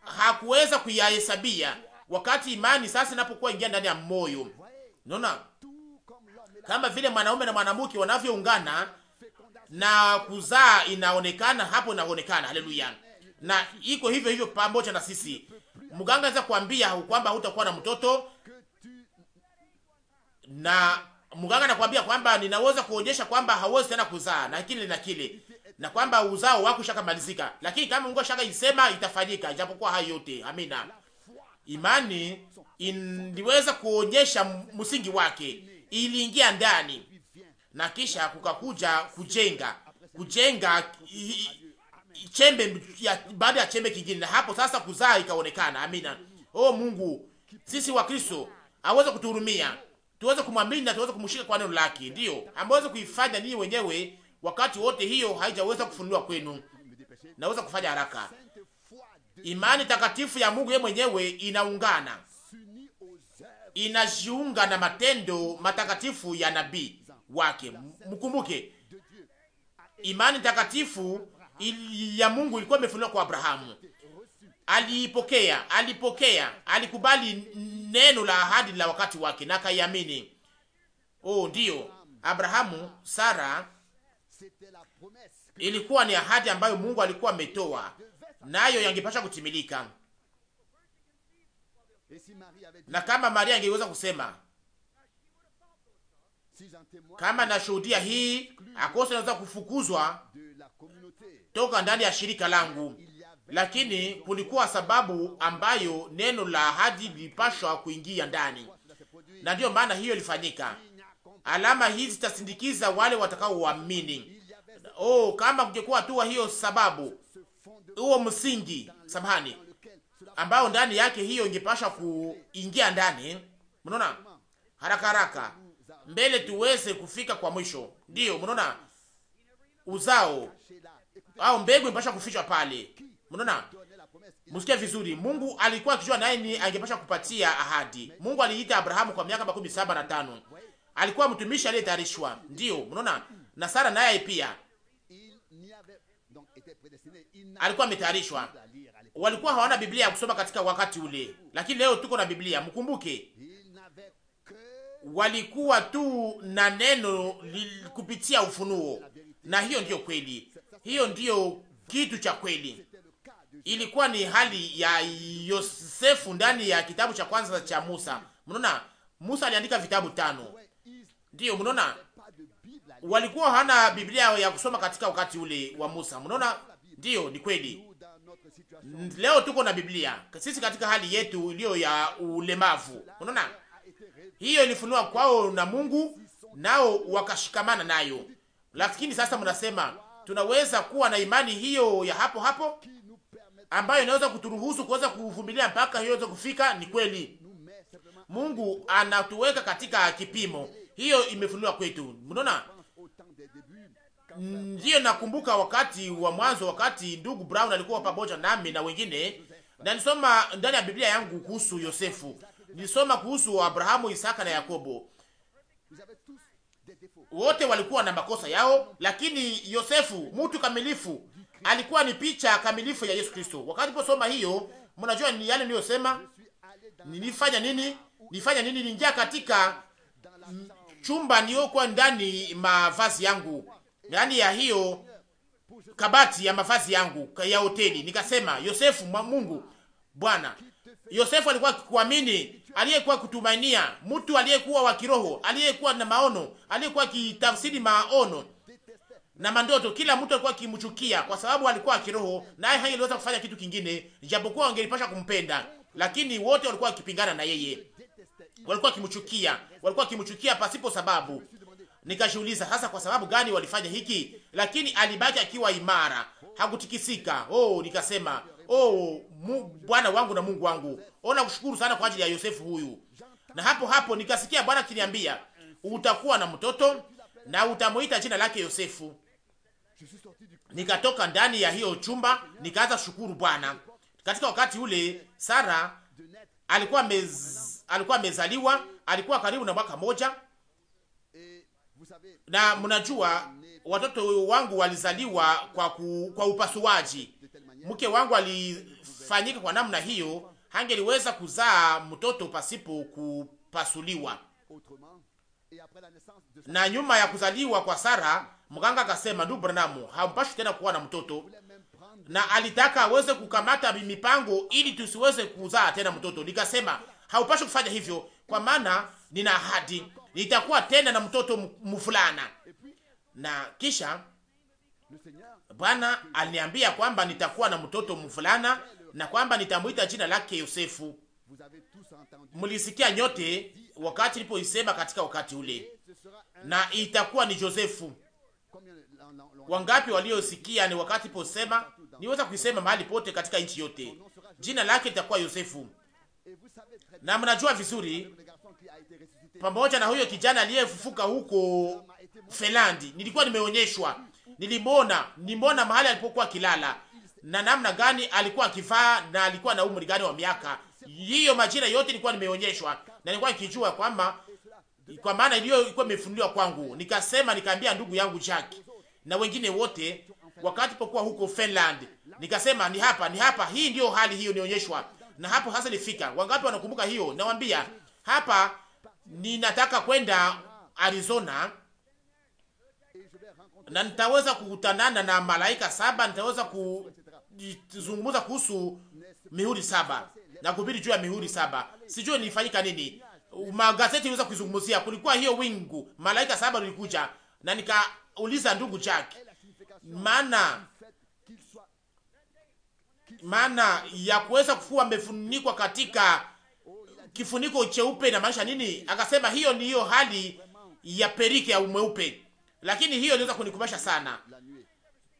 hakuweza kuyahesabia. Wakati imani sasa inapokuwa ingia ndani ya moyo, unaona kama vile mwanaume na mwanamke wanavyoungana na kuzaa, inaonekana hapo, inaonekana haleluya, na iko hivyo hivyo pamoja na sisi. Mganga anaweza kuambia kwamba hutakuwa na mtoto, na mganga anakuambia kwamba ninaweza kuonyesha kwamba hauwezi tena kuzaa na kile na kile na kwamba uzao wako ushakamalizika, lakini kama Mungu ashaka isema itafanyika, japokuwa hayo yote. Amina. Imani iliweza kuonyesha msingi wake iliingia ndani na kisha kukakuja kujenga kujenga chembe ya baada ya chembe kingine, na hapo sasa kuzaa ikaonekana. Amina. Oh Mungu, sisi wa Kristo aweze kutuhurumia, tuweze kumwamini na tuweze kumshika kwa neno lake, ndio ameweza kuifanya ninyi wenyewe. Wakati wote hiyo haijaweza kufunuliwa kwenu, naweza kufanya haraka. Imani takatifu ya Mungu yeye mwenyewe inaungana inajiunga na matendo matakatifu ya nabii wake. Mkumbuke imani takatifu ya Mungu ilikuwa imefunuliwa kwa Abrahamu, aliipokea, alipokea, alikubali neno la ahadi la wakati wake na akaiamini. Oh, ndiyo Abrahamu, Sara ilikuwa ni ahadi ambayo Mungu alikuwa ametoa nayo, yangepasha kutimilika na kama Maria angeweza kusema kama nashuhudia hii, akose naweza kufukuzwa toka ndani ya shirika langu, lakini kulikuwa sababu ambayo neno la ahadi lilipashwa kuingia ndani, na ndiyo maana hiyo ilifanyika. Alama hizi zitasindikiza wale watakaoamini. Oh, kama kungekuwa tu hiyo sababu, huo msingi, samahani ambayo ndani yake hiyo ingepasha kuingia ndani. Mnaona, haraka haraka mbele tuweze kufika kwa mwisho. Ndiyo, mnaona uzao au mbegu impasha kufichwa pale. Mnaona, msikie vizuri. Mungu alikuwa akijua naye ni angepasha kupatia ahadi. Mungu aliita Abrahamu kwa miaka makumi saba na tano alikuwa mtumishi aliyetayarishwa. Ndiyo, mnaona, na Sara naye pia alikuwa ametayarishwa walikuwa hawana Biblia ya kusoma katika wakati ule, lakini leo tuko na Biblia. Mkumbuke, walikuwa tu na neno kupitia ufunuo, na hiyo ndiyo kweli, hiyo ndiyo kitu cha kweli. Ilikuwa ni hali ya Yosefu ndani ya kitabu cha kwanza cha Musa. Mnaona, Musa aliandika vitabu tano, ndiyo mnaona walikuwa hana Biblia ya kusoma katika wakati ule wa Musa. Mnaona, ndiyo ni kweli Leo tuko na Biblia sisi katika hali yetu iliyo ya ulemavu. Unaona, hiyo ilifunua kwao na Mungu, nao wakashikamana nayo. Lakini sasa mnasema tunaweza kuwa na imani hiyo ya hapo hapo ambayo inaweza kuturuhusu kuweza kuvumilia mpaka hiyo iweze kufika. Ni kweli Mungu anatuweka katika kipimo, hiyo imefunua kwetu. Mnaona Ndiyo, nakumbuka wakati wa mwanzo, wakati ndugu Brown alikuwa pamoja nami na wengine, na nisoma ndani ya Biblia yangu kuhusu Yosefu, nisoma kuhusu Abrahamu, Isaka na Yakobo. Wote walikuwa na makosa yao, lakini Yosefu mtu kamilifu alikuwa ni picha kamilifu ya Yesu Kristo. Wakati posoma hiyo, mnajua ni yale niliyosema, nilifanya nini? Nilifanya nini? Niingia katika chumba niokuwa ndani mavazi yangu ndani ya hiyo kabati ya mavazi yangu ya hoteli, nikasema, Yosefu, Mungu Bwana, Yosefu alikuwa akikuamini, aliyekuwa kutumainia, mtu aliyekuwa wa kiroho, aliyekuwa na maono, aliyekuwa akitafsiri maono na mandoto. Kila mtu alikuwa akimchukia kwa sababu alikuwa wa kiroho, naye hangeliweza kufanya kitu kingine, japokuwa wangelipasha kumpenda, lakini wote walikuwa wakipingana na yeye, walikuwa wakimchukia, walikuwa wakimchukia pasipo sababu. Nikajiuliza hasa kwa sababu gani walifanya hiki, lakini alibaki akiwa imara, hakutikisika. Oh, nikasema oh, Bwana wangu na Mungu wangu, ona kushukuru sana kwa ajili ya Yosefu huyu. Na hapo hapo nikasikia Bwana akiniambia utakuwa na mtoto na utamuita jina lake Yosefu. Nikatoka ndani ya hiyo chumba, nikaanza shukuru Bwana. Katika wakati ule Sara alikuwa mez, alikuwa amezaliwa, alikuwa karibu na mwaka moja na mnajua watoto wangu walizaliwa kwa, ku, kwa upasuaji. Mke wangu alifanyika kwa namna hiyo, hangeliweza kuzaa mtoto pasipo kupasuliwa. Na nyuma ya kuzaliwa kwa Sara, mganga akasema, ndugu Branamu, hampashi tena kuwa na mtoto, na alitaka aweze kukamata mipango ili tusiweze kuzaa tena mtoto. Nikasema haupashi kufanya hivyo, kwa maana nina ahadi nitakuwa tena na mtoto mfulana. Na kisha Bwana aliniambia kwamba nitakuwa na mtoto mfulana na kwamba nitamwita jina lake Yosefu. Mlisikia nyote wakati nilipoisema katika wakati ule, na itakuwa ni Josefu. Wangapi waliosikia ni wakati posema, niweza kuisema mahali pote katika nchi yote, jina lake litakuwa Yosefu. Na mnajua vizuri pamoja na huyo kijana aliyefufuka huko Finlandi. Nilikuwa nimeonyeshwa, nilimwona, nilimwona mahali alipokuwa kilala na namna gani alikuwa akivaa na alikuwa na umri gani wa miaka. Hiyo majira yote nilikuwa nimeonyeshwa na nilikuwa nikijua kwamba kwa maana hiyo ilikuwa imefunuliwa kwangu. Nikasema, nikaambia ndugu yangu Jack na wengine wote wakati pokuwa huko Finland, nikasema ni hapa, ni hapa, hii ndio hali hiyo nionyeshwa, na hapo hasa nifika. Wangapi wanakumbuka hiyo? Nawaambia hapa ninataka kwenda Arizona na nitaweza kukutanana na malaika saba, nitaweza kuzungumza kuhusu mihuri saba na kuhubiri juu ya mihuri saba. Sijui nilifanyika nini, magazeti iliweza kuizungumzia. Kulikuwa hiyo wingu, malaika saba lilikuja, na nikauliza ndugu Jack, maana maana ya kuweza kufua mefunikwa katika kifuniko cheupe na maisha nini? Akasema hiyo ni hiyo hali ya perike ya mweupe, lakini hiyo inaweza kunikumbasha sana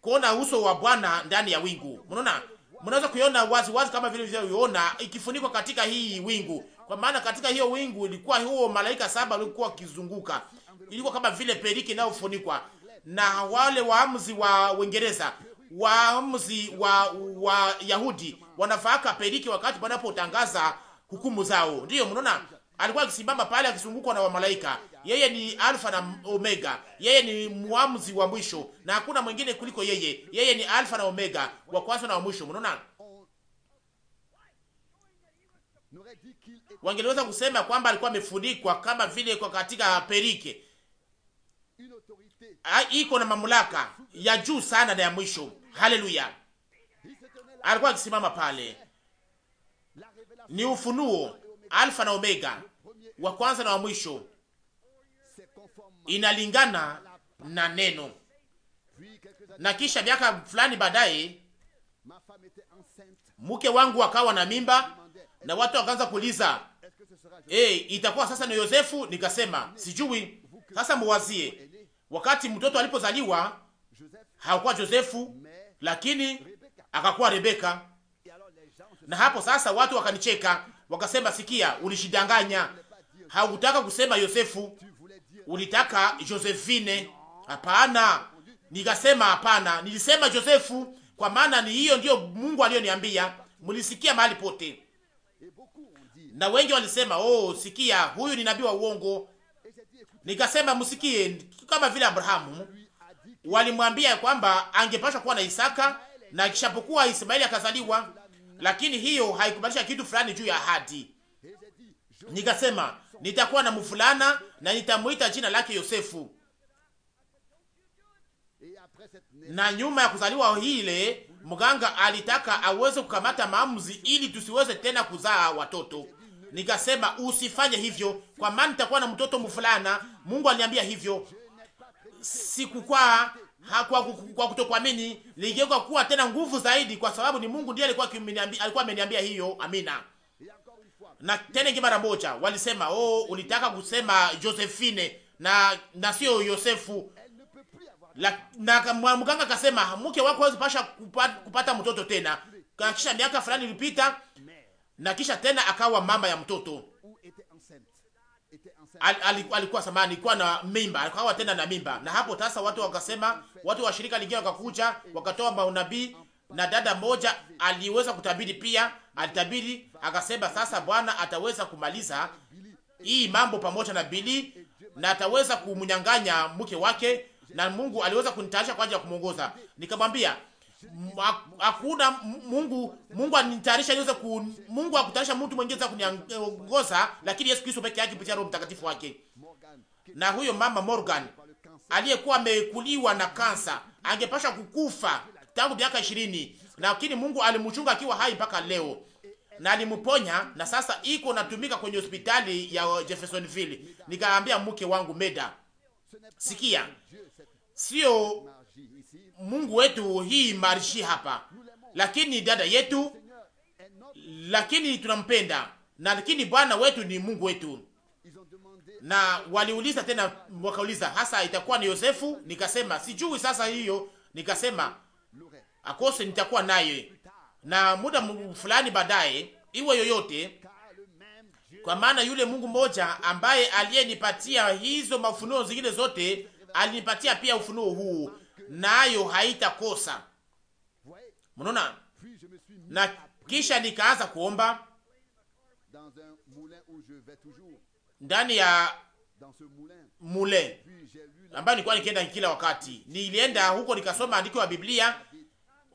kuona uso wa Bwana ndani ya wingu. Mnaona, mnaweza kuiona wazi wazi kama vile vilivyoiona ikifunikwa katika hii wingu, kwa maana katika hiyo wingu ilikuwa huo malaika saba walikuwa wakizunguka, ilikuwa kama vile periki inayofunikwa na wale waamuzi wa Uingereza waamuzi wa, wa Yahudi wanafaka periki wakati wanapotangaza hukumu zao. Ndiyo, mnaona alikuwa akisimama pale akizungukwa na wamalaika. Yeye ni alfa na omega, yeye ni muamuzi wa mwisho, na hakuna mwingine kuliko yeye. Yeye ni alfa na omega, wa kwanza na wa mwisho. Mnaona, wangeliweza kusema kwamba alikuwa amefunikwa kama vile kwa katika perike. Iko na mamlaka ya juu sana na ya mwisho. Haleluya, alikuwa akisimama pale ni ufunuo, alfa na omega, wa kwanza na wa mwisho, inalingana na neno. Na kisha miaka fulani baadaye, mke wangu akawa na mimba, na watu wakaanza kuuliza hey, eh, itakuwa sasa ni Yosefu? Nikasema sijui. Sasa muwazie, wakati mtoto alipozaliwa hakuwa Josefu, lakini akakuwa Rebeka na hapo sasa watu wakanicheka, wakasema, sikia, ulishidanganya, haukutaka kusema Yosefu, ulitaka Josephine. Hapana, nikasema hapana, nilisema Josefu kwa maana ni hiyo ndiyo Mungu aliyoniambia. Mlisikia mahali pote, na wengi walisema oh, sikia, huyu ni nabii wa uongo. Nikasema msikie, kama vile Abrahamu walimwambia kwamba angepashwa kuwa na Isaka na kishapokuwa Ismaeli akazaliwa lakini hiyo haikubalisha kitu fulani juu ya ahadi. Nikasema nitakuwa na mfulana na nitamuita jina lake Yosefu, na nyuma ya kuzaliwa hile mganga alitaka aweze kukamata maamuzi ili tusiweze tena kuzaa watoto. Nikasema usifanye hivyo, kwa maana nitakuwa na mtoto mfulana. Mungu aliniambia hivyo, sikukwaa hakuwa kwa kutokuamini ligeuka kuwa tena nguvu zaidi, kwa sababu ni Mungu ndiye alikuwa alikuwa ameniambia hiyo. Amina. Na tena ingi mara moja walisema oh, ulitaka kusema Josephine na na sio Yosefu. La, na mganga akasema mke wako hawezi pasha kupata, kupata mtoto tena. Kisha miaka fulani ilipita na kisha tena akawa mama ya mtoto alikuwa samani, alikuwa na mimba, alikuwa tena na mimba. Na hapo sasa watu wakasema, watu wa shirika lingine wakakuja wakatoa maunabii, na dada moja aliweza kutabiri pia, alitabiri akasema, sasa Bwana ataweza kumaliza hii mambo pamoja na Bili na ataweza kumnyang'anya mke wake, na Mungu aliweza kunitayarisha kwa ajili ya kumwongoza. Nikamwambia hakuna Mungu. Mungu anitayarisha niweze ku, Mungu akutayarisha mtu mwingine kuniongoza, lakini Yesu Kristo pekee yake kupitia Roho Mtakatifu wake. Na huyo mama Morgan aliyekuwa amekuliwa na kansa angepasha kukufa tangu miaka ishirini, lakini Mungu alimchunga akiwa hai mpaka leo na alimponya, na sasa iko natumika kwenye hospitali ya Jeffersonville. Nikaambia mke wangu Meda, sikia, sio Mungu wetu hii marishi hapa, lakini dada yetu, lakini tunampenda na lakini Bwana wetu ni Mungu wetu. Na waliuliza tena, wakauliza hasa itakuwa ni Yosefu, nikasema sijui sasa hiyo, nikasema akose nitakuwa naye na muda fulani baadaye, iwe yoyote, kwa maana yule Mungu mmoja ambaye aliyenipatia hizo mafunuo zingine zote alinipatia pia ufunuo huu nayo haitakosa. Mnaona, na kisha nikaanza kuomba ndani ya mule ambayo nilikuwa nikienda kila wakati. Nilienda huko nikasoma andiko la Biblia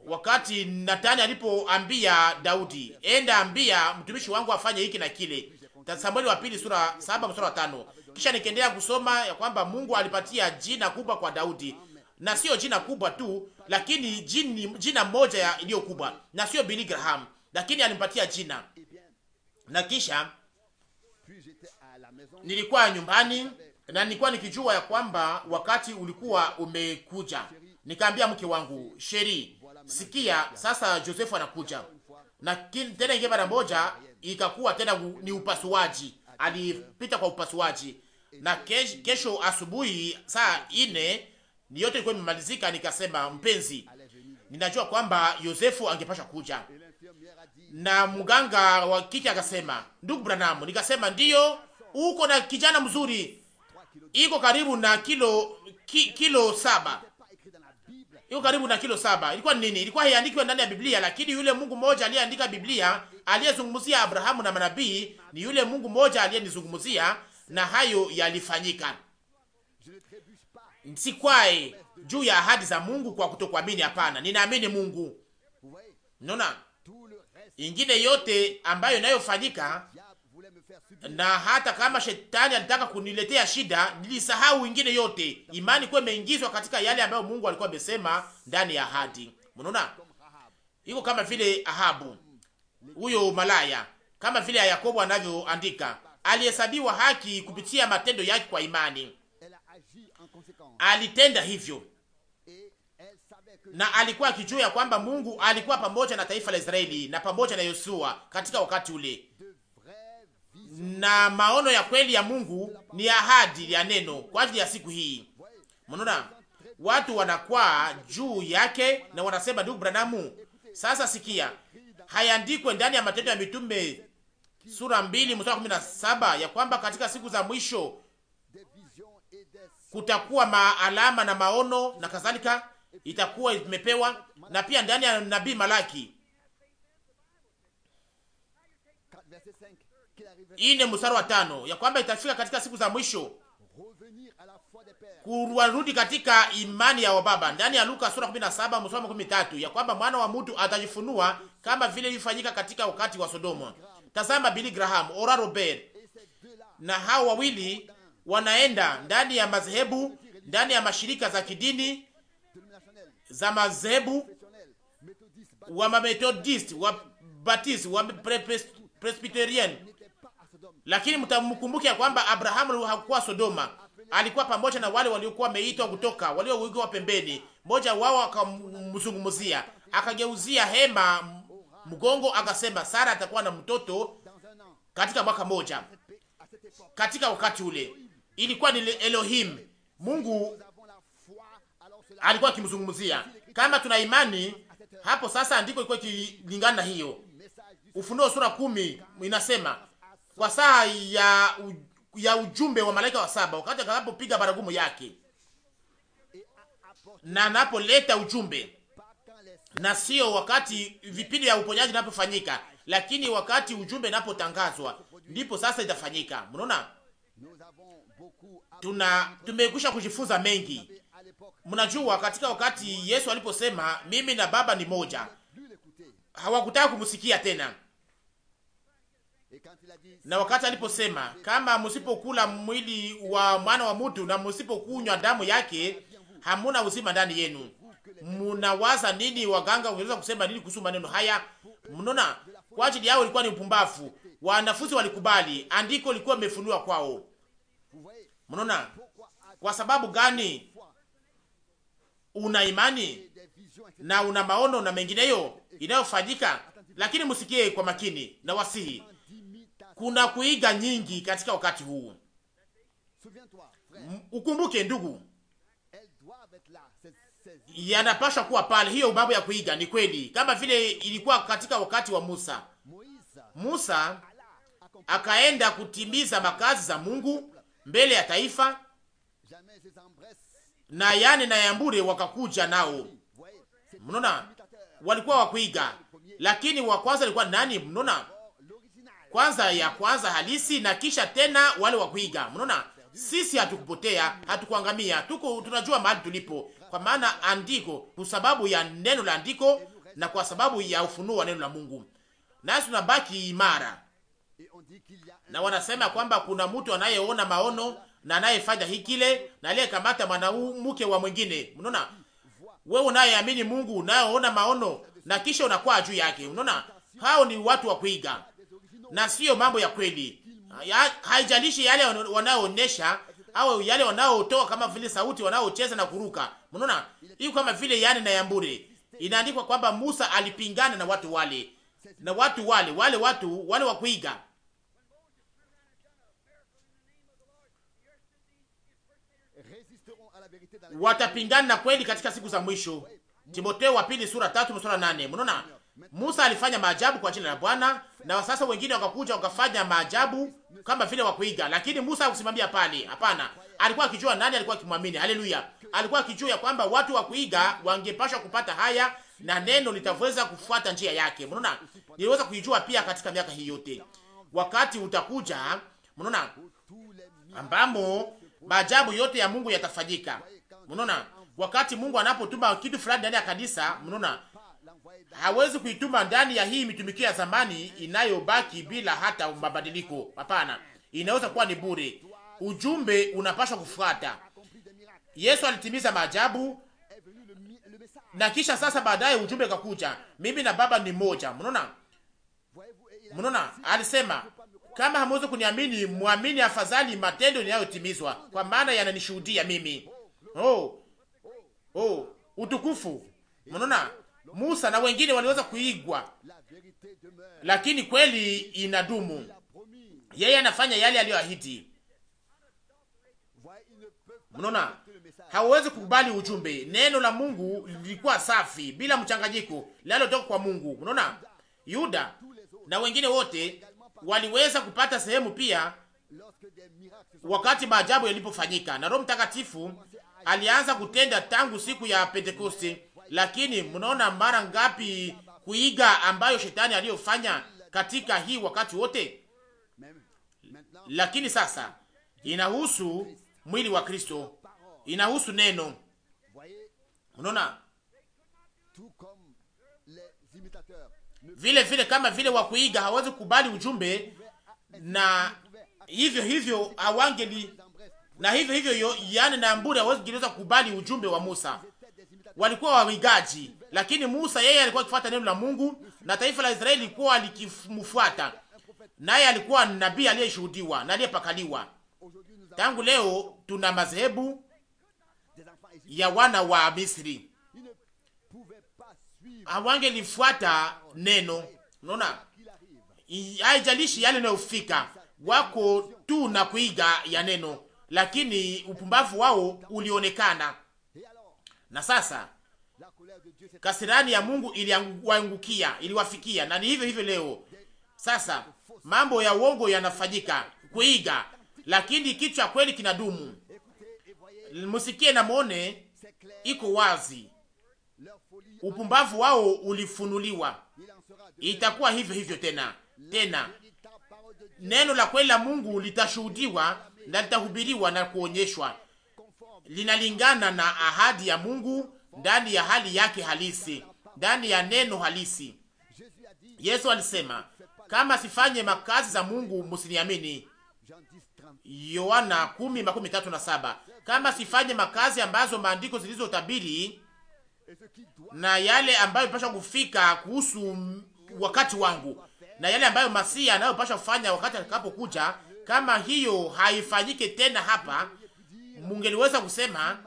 wakati Natani alipoambia Daudi, enda ambia mtumishi wangu afanye hiki na kile, Samueli wa pili sura saba mstari wa tano. Kisha nikaendelea kusoma ya kwamba Mungu alipatia jina kubwa kwa Daudi na sio jina kubwa tu, lakini jini, jina moja iliyo kubwa, na sio Billy Graham, lakini alimpatia jina. Na kisha nilikuwa nyumbani na nilikuwa nikijua ya kwamba wakati ulikuwa umekuja. Nikaambia mke wangu Sheri, sikia sasa, Josefu anakuja. Na tena ingia mara moja, ikakuwa tena ni upasuaji, alipita kwa upasuaji. Na kesho asubuhi saa ine ni yote ilikuwa imemalizika. Nikasema, mpenzi, ninajua kwamba Yosefu angepasha kuja. Na mganga wa kike akasema, ndugu Branamu. Nikasema, ndiyo, uko na kijana mzuri, iko karibu na kilo ki, kilo saba iko karibu na kilo saba. Ilikuwa nini? Ilikuwa haiandikiwe ndani ya Biblia, lakini yule Mungu mmoja aliyeandika Biblia aliyezungumzia Abrahamu na manabii ni yule Mungu mmoja aliyenizungumzia, na hayo yalifanyika nsikwae juu ya ahadi za Mungu kwa kutokuamini. Hapana, ninaamini Mungu. Naona ingine yote ambayo inayofanyika, na hata kama shetani alitaka kuniletea shida, nilisahau ingine yote. Imani kwa imeingizwa katika yale ambayo Mungu alikuwa amesema ndani ya ahadi. Mnaona iko kama vile Ahabu huyo malaya, kama vile Yakobo anavyoandika, alihesabiwa haki kupitia matendo yake kwa imani alitenda hivyo na alikuwa akijua ya kwamba Mungu alikuwa pamoja na taifa la Israeli na pamoja na Yosua katika wakati ule, na maono ya kweli ya Mungu ni ahadi ya neno kwa ajili ya siku hii. Mnaona watu wanakwaa juu yake na wanasema, ndugu Branamu, sasa sikia, hayandikwe ndani ya Matendo ya Mitume sura mbili mstari kumi saba ya kwamba katika siku za mwisho kutakuwa maalama na maono na kadhalika, itakuwa imepewa na pia ndani ya nabii Malaki ine mstari wa tano ya kwamba itafika katika siku za mwisho kuwarudi katika imani ya wababa. Ndani ya Luka sura 17 mstari wa 13 ya kwamba mwana wa mtu atajifunua kama vile ilifanyika katika wakati wa Sodoma. Tazama Billy Graham, Ora Robert na hao wawili wanaenda ndani ya madhehebu, ndani ya mashirika za kidini za madhehebu, wa Methodist, wa Baptist, wa Presbyterian. Lakini mtamkumbuka ya kwamba Abrahamu hakuwa Sodoma, alikuwa pamoja na wale waliokuwa wameitwa kutoka, waliokuwa pembeni. Mmoja wao akamzungumzia, akageuzia hema mgongo, akasema Sara atakuwa na mtoto katika mwaka moja, katika wakati ule ilikuwa ni Elohim, Mungu alikuwa akimzungumzia. Kama tuna imani hapo, sasa andiko ilikuwa ikilingana na hiyo. Ufunuo sura kumi inasema kwa saa ya, ya ujumbe wa malaika wa saba, wakati akapopiga baragumu yake na anapoleta ujumbe, na sio wakati vipindi vya uponyaji vinapofanyika, lakini wakati ujumbe napotangazwa ndipo sasa itafanyika. Mnaona? tuna tumekwisha kujifunza mengi. Mnajua, katika wakati Yesu aliposema mimi na Baba ni moja, hawakutaka kumsikia tena, na wakati aliposema kama msipokula mwili wa mwana wa mtu na msipokunywa damu yake hamuna uzima ndani yenu. Munawaza nini? Waganga wangeweza kusema nini kuhusu maneno haya? Mnaona, kwa ajili yao ilikuwa ni upumbavu. Wanafunzi walikubali, andiko lilikuwa limefunua kwao Mnaona kwa sababu gani una imani na una maono na mengineyo inayofanyika, lakini msikie kwa makini na wasihi. Kuna kuiga nyingi katika wakati huu. Ukumbuke ndugu, yanapaswa kuwa pale. Hiyo mambo ya kuiga ni kweli, kama vile ilikuwa katika wakati wa Musa. Musa akaenda kutimiza makazi za Mungu mbele ya taifa na yani na Yambure wakakuja nao. mnona walikuwa wakuiga, lakini wa kwanza alikuwa nani? mnona kwanza ya kwanza halisi na kisha tena wale wa kuiga. sisi hatukupotea, hatukuangamia, tuko tunajua mahali tulipo, kwa maana andiko, kwa sababu ya neno la andiko na kwa sababu ya ufunuo wa neno la Mungu, nasi tunabaki imara na wanasema kwamba kuna mtu anayeona maono na anayefanya hiki kile na aliyekamata mwanamke wa mwingine. Unaona, wewe unayeamini Mungu unayeona maono na kisha unakuwa juu yake. Unaona, hao ni watu wa kuiga na sio mambo ya kweli. Ya, Haijalishi yale wanaoonyesha au yale wanaotoa kama vile sauti wanaocheza na kuruka. Unaona, hiyo kama vile yani na yambure. Inaandikwa kwamba Musa alipingana na watu wale na watu wale wale watu wale wa kuiga watapingana na kweli katika siku za mwisho. Timoteo wa pili sura tatu mstari nane. Mnaona Musa alifanya maajabu kwa jina la Bwana, na sasa wengine wakakuja wakafanya maajabu kama vile wakuiga, lakini Musa hakusimamia pale. Hapana, alikuwa akijua nani alikuwa akimwamini. Haleluya! Alikuwa akijua ya kwamba watu wa kuiga wangepashwa kupata haya na neno litaweza kufuata njia yake. Mnaona, niliweza kuijua pia katika miaka hii yote. Wakati utakuja, mnaona, ambamo maajabu yote ya Mungu yatafanyika Mnaona, wakati Mungu anapotuma kitu fulani ndani ya kanisa, mnaona hawezi kuituma ndani ya hii mitumikio ya zamani inayobaki bila hata mabadiliko. Hapana, inaweza kuwa ni bure. Ujumbe unapaswa kufuata. Yesu alitimiza maajabu na kisha sasa baadaye ujumbe kakuja, mimi na Baba ni moja. Mnaona, mnaona, alisema kama hamwezi kuniamini, muamini afadhali matendo ninayotimizwa, kwa maana yananishuhudia mimi oh, oh, utukufu. Unaona? Musa na wengine waliweza kuigwa, lakini kweli inadumu. Yeye anafanya yale aliyoahidi. Unaona? Hawezi kukubali ujumbe. Neno la Mungu lilikuwa safi bila mchanganyiko, linalotoka kwa Mungu. Unaona? Yuda na wengine wote waliweza kupata sehemu pia wakati maajabu yalipofanyika, na Roho Mtakatifu alianza kutenda tangu siku ya Pentekoste. Lakini mnaona mara ngapi kuiga ambayo shetani aliyofanya katika hii wakati wote. Lakini sasa inahusu mwili wa Kristo, inahusu neno. Mnaona vile vile, kama vile wa kuiga hawezi kukubali ujumbe, na hivyo hivyo hawangeli na hivyo hivyo yani na Yambure hawezi kukubali ujumbe wa Musa. Walikuwa wawigaji, lakini Musa yeye alikuwa akifuata neno la Mungu na taifa la Israeli lilikuwa likimfuata, naye alikuwa nabii aliyeshuhudiwa na aliyepakaliwa. Tangu leo tuna madhehebu ya wana wa Misri, hawangelifuata neno. Unaona, haijalishi yale inayofika wako tu na kuiga ya neno lakini upumbavu wao ulionekana. Na sasa kasirani ya Mungu iliwaangukia, iliwafikia, na ni hivyo hivyo leo. Sasa mambo ya uongo yanafanyika kuiga, lakini kitu cha kweli kinadumu. Msikie na muone, iko wazi, upumbavu wao ulifunuliwa. Itakuwa hivyo hivyo tena tena, neno la kweli la Mungu litashuhudiwa na litahubiriwa na kuonyeshwa, linalingana na ahadi ya Mungu ndani ya hali yake halisi, ndani ya neno halisi. Yesu alisema kama sifanye makazi za Mungu msiniamini, Yohana 10:37. Kama sifanye makazi ambazo maandiko zilizotabiri na yale ambayo pasha kufika kuhusu wakati wangu na yale ambayo Masia anayopasha kufanya wakati atakapokuja, kama hiyo haifanyike tena hapa, mungeliweza kusema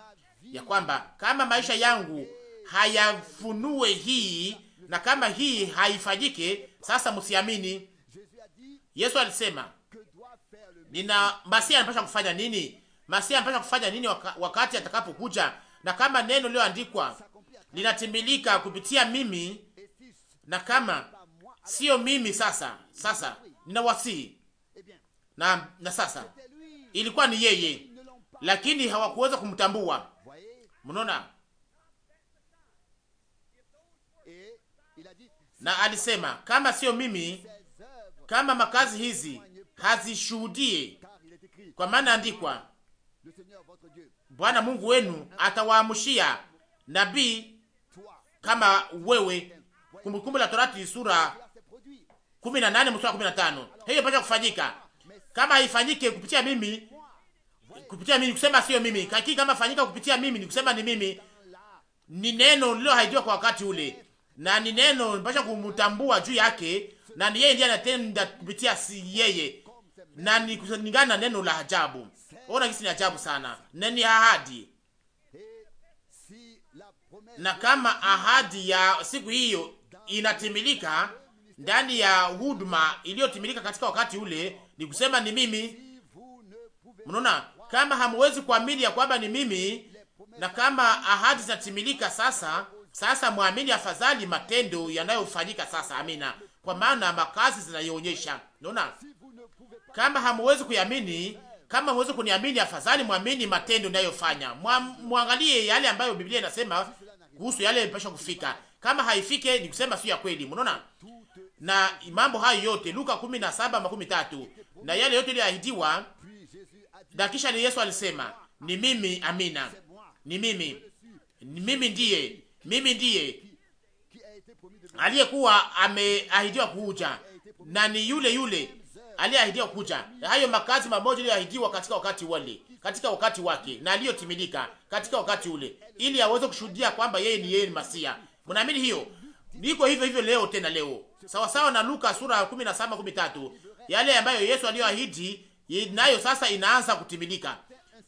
ya kwamba kama maisha yangu hayafunue hii na kama hii haifanyike sasa, msiamini. Yesu alisema nina Masia anapasha kufanya nini? Masia anapasha kufanya nini waka, wakati atakapokuja, na kama neno lililoandikwa linatimilika kupitia mimi, na kama sio mimi, sasa sasa ninawasii na, na sasa ilikuwa ni yeye, lakini hawakuweza kumtambua. Mnaona, na alisema kama sio mimi, kama makazi hizi hazishuhudie, kwa maana andikwa, Bwana Mungu wenu atawaamushia nabii kama wewe. Kumbukumbu la Torati sura 18 mstari wa 15. Hiyo inapaswa kufanyika kama ifanyike kupitia mimi, kupitia mimi kusema sio mimi. Hakika kama fanyika kupitia mimi ni kusema ni mimi. Ni neno lilo haijua kwa wakati ule. Na ni neno mpasha kumtambua juu yake na ni yeye ndiye anatenda kupitia si yeye. Na ni kulingana neno la ajabu. Ona kisi ni ajabu sana. na ni ahadi? Na kama ahadi ya siku hiyo inatimilika ndani ya huduma iliyotimilika katika wakati ule ni kusema ni mimi. Mnaona, kama hamwezi kuamini ya kwamba ni mimi na kama ahadi zinatimilika sasa, sasa muamini afadhali matendo yanayofanyika sasa. Amina, kwa maana makazi zinayoonyesha. Unaona, kama hamwezi kuamini, kama mweze kuniamini, afadhali mwamini matendo ninayofanya. Mwangalie yale ambayo Biblia inasema kuhusu yale yamepashwa kufika. Kama haifike ni kusema sio ya kweli. Mnaona, na mambo hayo yote Luka 17:13 na yale yote iliahidiwa. Na kisha ni Yesu alisema, ni mimi, amina, ni mimi, ni mimi ndiye, mimi ndiye aliyekuwa ameahidiwa kuja, na ni yule yule aliyeahidiwa kuja. Hayo makazi mamoja yaliyoahidiwa katika wakati wale, katika wakati wake, na aliyotimilika katika wakati ule, ili aweze kushuhudia kwamba yeye ni yeye ni Masia. Mnaamini hiyo? Ndiko hivyo hivyo leo tena leo. Sawa sawa na Luka sura ya 17 13. Yale ambayo Yesu aliyoahidi nayo sasa inaanza kutimilika.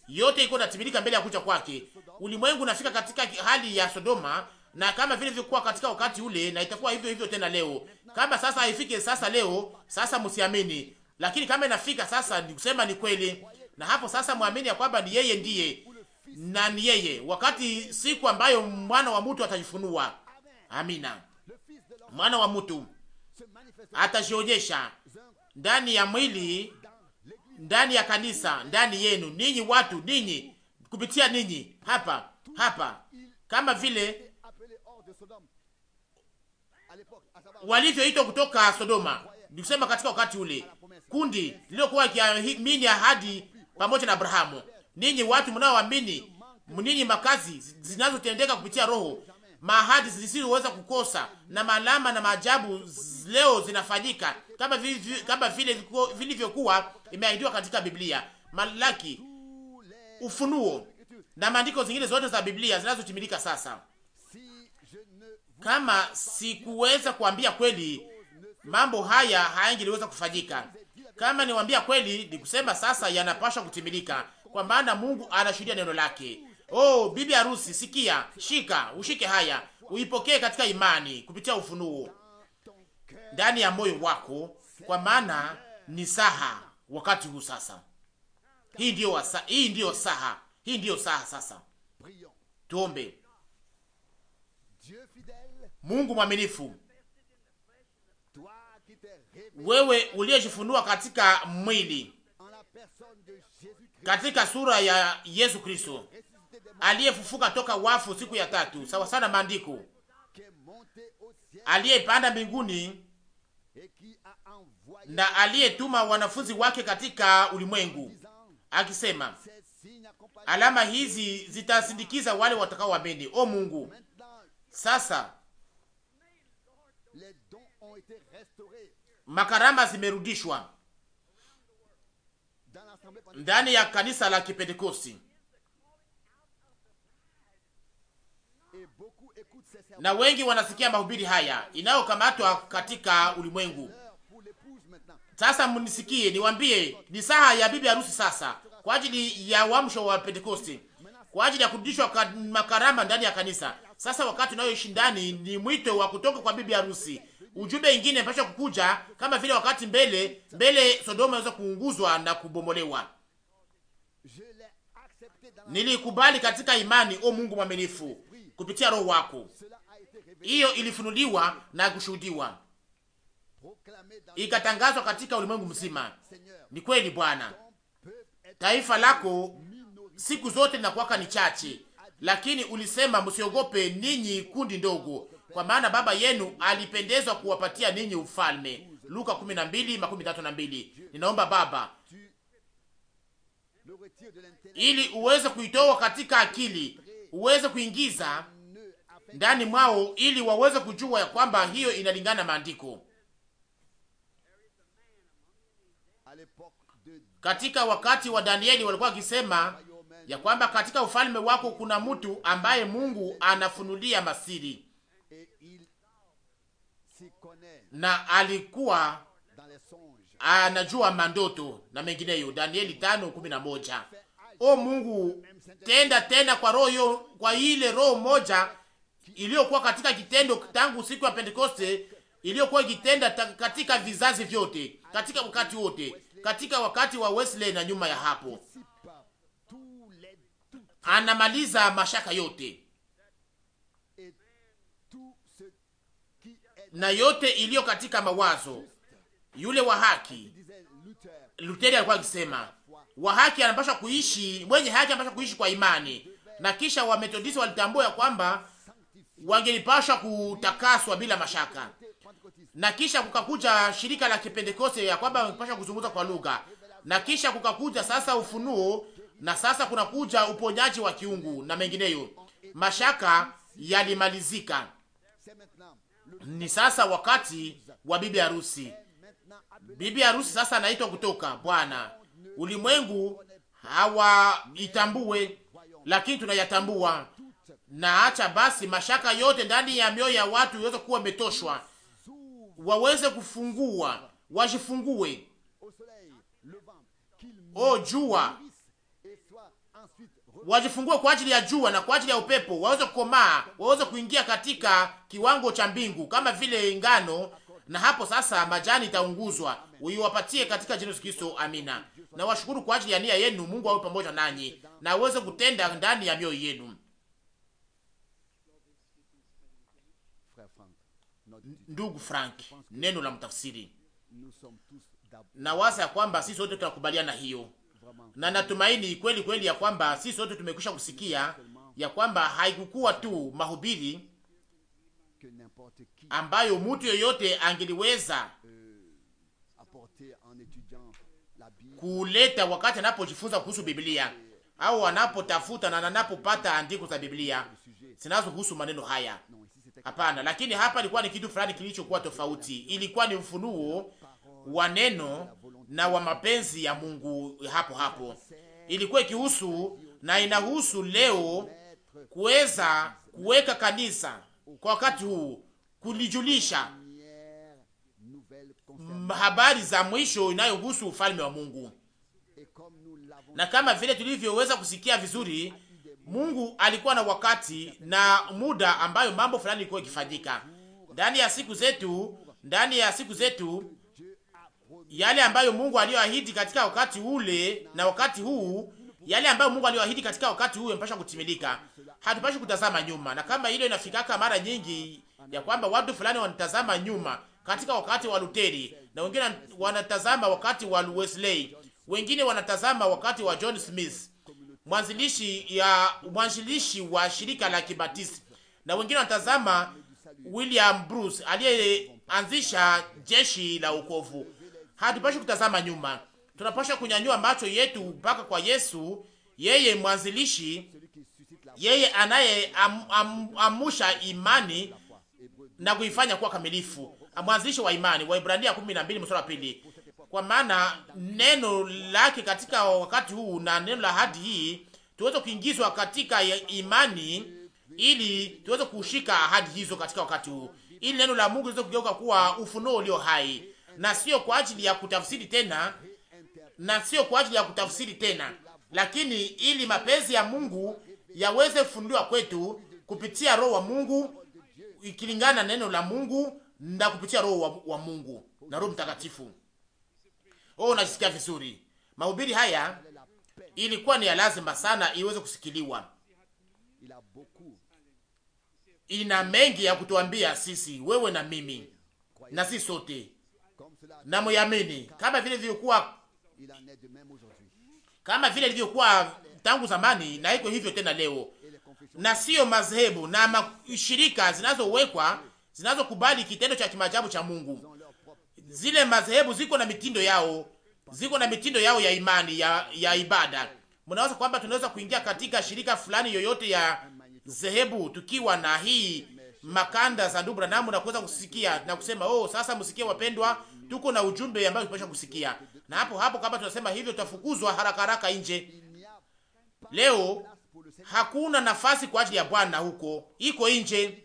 Yote iko natimilika mbele ya kucha kwake. Ulimwengu unafika katika hali ya Sodoma na kama vile vilikuwa katika wakati ule na itakuwa hivyo hivyo tena leo. Kama sasa haifike sasa leo, sasa msiamini. Lakini kama inafika sasa ni kusema ni kweli. Na hapo sasa muamini ya kwamba ni yeye ndiye na ni yeye wakati siku ambayo mwana wa mtu atajifunua. Amina mwana wa mtu atajionyesha ndani ya mwili, ndani ya kanisa, ndani yenu ninyi watu, ninyi kupitia ninyi hapa hapa, kama vile walivyoitwa kutoka Sodoma, nikusema katika wakati ule kundi lililokuwa kiamini ahadi pamoja na Abrahamu. Ninyi watu mnaoamini, ninyi makazi zinazotendeka kupitia Roho, maahadi zisizoweza kukosa na malama na maajabu leo zinafanyika kama vile kama vile vilivyokuwa imeahidiwa katika Biblia, Malaki, Ufunuo na maandiko zingine zote za Biblia zinazotimilika sasa. Kama sikuweza kuambia kweli, mambo haya hayangeliweza kufanyika. Kama niwaambia kweli, ni kusema sasa yanapaswa kutimilika, kwa maana Mungu anashuhudia neno lake Oh, bibi harusi, sikia, shika, ushike haya, uipokee katika imani kupitia ufunuo ndani ya moyo wako, kwa maana ni saha wakati huu sasa. Hii ndiyo wasa, hii ndiyo saha, hii ndiyo saha sasa. Tuombe. Mungu mwaminifu, wewe uliyejifunua katika mwili katika sura ya Yesu Kristo aliyefufuka toka wafu siku ya tatu, sawa sana maandiko, aliyepanda mbinguni na aliyetuma wanafunzi wake katika ulimwengu akisema, alama hizi zitasindikiza wale watakaoamini. O Mungu, sasa makarama zimerudishwa ndani ya kanisa la Kipentekosti na wengi wanasikia mahubiri haya inayokamatwa katika ulimwengu. Sasa mnisikie, niwambie, ni saha ya bibi harusi sasa, kwa ajili ya uamsho wa Pentekosti, kwa ajili ya kurudishwa makarama ndani ya kanisa. Sasa wakati unayoishi ndani ni mwito wa kutoka kwa bibi harusi. Ujumbe ingine mpasha kukuja kama vile wakati mbele mbele Sodoma inaweza kuunguzwa na kubomolewa. Nilikubali katika imani, o Mungu mwaminifu, kupitia roho wako hiyo ilifunuliwa na kushuhudiwa, ikatangazwa katika ulimwengu mzima. Ni kweli Bwana, taifa lako siku zote linakuwaka ni chache, lakini ulisema msiogope ninyi kundi ndogo, kwa maana baba yenu alipendezwa kuwapatia ninyi ufalme. Luka 12:32. Ninaomba Baba ili uweze kuitoa katika akili, uweze kuingiza ndani mwao, ili waweze kujua ya kwamba hiyo inalingana maandiko. Katika wakati wa Danieli walikuwa wakisema ya kwamba katika ufalme wako kuna mtu ambaye Mungu anafunulia masiri, na alikuwa anajua mandoto na mengineyo. Danieli 5:11. O Mungu, tenda tena kwa roho, kwa ile roho moja iliyokuwa katika kitendo tangu siku ya Pentekoste, iliyokuwa ikitenda katika vizazi vyote, katika wakati wote, katika wakati wa Wesley na nyuma ya hapo. Anamaliza mashaka yote na yote iliyo katika mawazo. Yule wa haki Luteri alikuwa akisema wa haki anapaswa kuishi, mwenye haki anapaswa kuishi kwa imani, na kisha Wamethodisti walitambua ya kwamba wangelipasha kutakaswa bila mashaka, na kisha kukakuja shirika la Kipentekoste ya kwamba wangepasha kuzungumza kwa lugha, na kisha kukakuja sasa ufunuo, na sasa kunakuja uponyaji wa kiungu na mengineyo. Mashaka yalimalizika. Ni sasa wakati wa bibi harusi. Bibi harusi sasa anaitwa kutoka Bwana. Ulimwengu hawaitambue, lakini tunayatambua na acha basi mashaka yote ndani ya mioyo ya watu iweze kuwa imetoshwa, waweze kufungua, wajifungue. O jua, wajifungue kwa ajili ya jua na kwa ajili ya upepo, waweze kukomaa, waweze kuingia katika kiwango cha mbingu kama vile ngano, na hapo sasa majani itaunguzwa. Uiwapatie katika jina la Kristo, amina. Na washukuru kwa ajili ya nia yenu. Mungu awe pamoja nanyi na aweze kutenda ndani ya mioyo yenu. ndugu Frank, neno la mtafsiri, na ya kwamba sisi wote tunakubaliana hiyo, na natumaini kweli kweli ya kwamba sisi wote tumekwisha kusikia ya kwamba haikukuwa tu mahubiri ambayo mtu yoyote angeliweza kuleta wakati anapojifunza kuhusu Biblia au anapotafuta na anapopata andiko za Biblia zinazohusu maneno haya Hapana, lakini hapa ilikuwa ni kitu fulani kilichokuwa tofauti. Ilikuwa ni ufunuo wa neno na wa mapenzi ya Mungu hapo hapo. Ilikuwa ikihusu na inahusu leo kuweza kuweka kanisa kwa wakati huu kulijulisha habari za mwisho inayohusu ufalme wa Mungu. Na kama vile tulivyoweza kusikia vizuri Mungu alikuwa na wakati na muda ambayo mambo fulani ilikuwa ikifanyika ndani ya siku zetu, ndani ya siku zetu, yale ambayo Mungu aliyoahidi katika wakati ule na wakati huu, yale ambayo Mungu aliyoahidi katika wakati huu yampasha kutimilika. Hatupashi kutazama nyuma, na kama hilo inafikaka mara nyingi ya kwamba watu fulani wanatazama nyuma katika wakati wa Luteri, na wengine wanatazama wakati wa Wesley, wengine wanatazama wakati wa John Smith mwanzilishi ya mwanzilishi wa shirika la Kibatisti, na wengine wanatazama William Bruce aliyeanzisha jeshi la wokovu. Hatupashi kutazama nyuma, tunapasha kunyanyua macho yetu mpaka kwa Yesu, yeye mwanzilishi, yeye anaye am, am, amusha imani na kuifanya kuwa kamilifu, mwanzilishi wa imani. Waibrania 12 mstari wa pili kwa maana neno lake katika wakati huu na neno la hadi hii tuweze kuingizwa katika imani, ili tuweze kushika ahadi hizo katika wakati huu, ili neno la Mungu liweze kugeuka kuwa ufunuo ulio hai, na sio kwa ajili ya kutafsiri tena, na sio kwa ajili ya kutafsiri tena, lakini ili mapenzi ya Mungu yaweze kufunuliwa kwetu kupitia Roho wa Mungu, ikilingana na neno la Mungu na kupitia Roho wa, wa Mungu na Roho Mtakatifu. Oh, unajisikia vizuri. Mahubiri haya ilikuwa ni ya lazima sana iweze kusikiliwa. Ina mengi ya kutuambia sisi, wewe na mimi na sisi sote, na muyamini kama vile vilivyokuwa kama vile ilivyokuwa tangu zamani na iko hivyo tena leo, na sio madhehebu na mashirika zinazowekwa zinazokubali kitendo cha kimajabu cha Mungu Zile madhehebu ziko na mitindo yao, ziko na mitindo yao ya imani ya, ya ibada. Mnaweza kwamba tunaweza kuingia katika shirika fulani yoyote ya dhehebu tukiwa na hii makanda za ndubra namu na kuweza kusikia na kusema oh, sasa msikie wapendwa, tuko na ujumbe ambao tunapaswa kusikia. Na hapo hapo kama tunasema hivyo, tutafukuzwa haraka haraka nje. Leo hakuna nafasi kwa ajili ya Bwana huko, iko nje,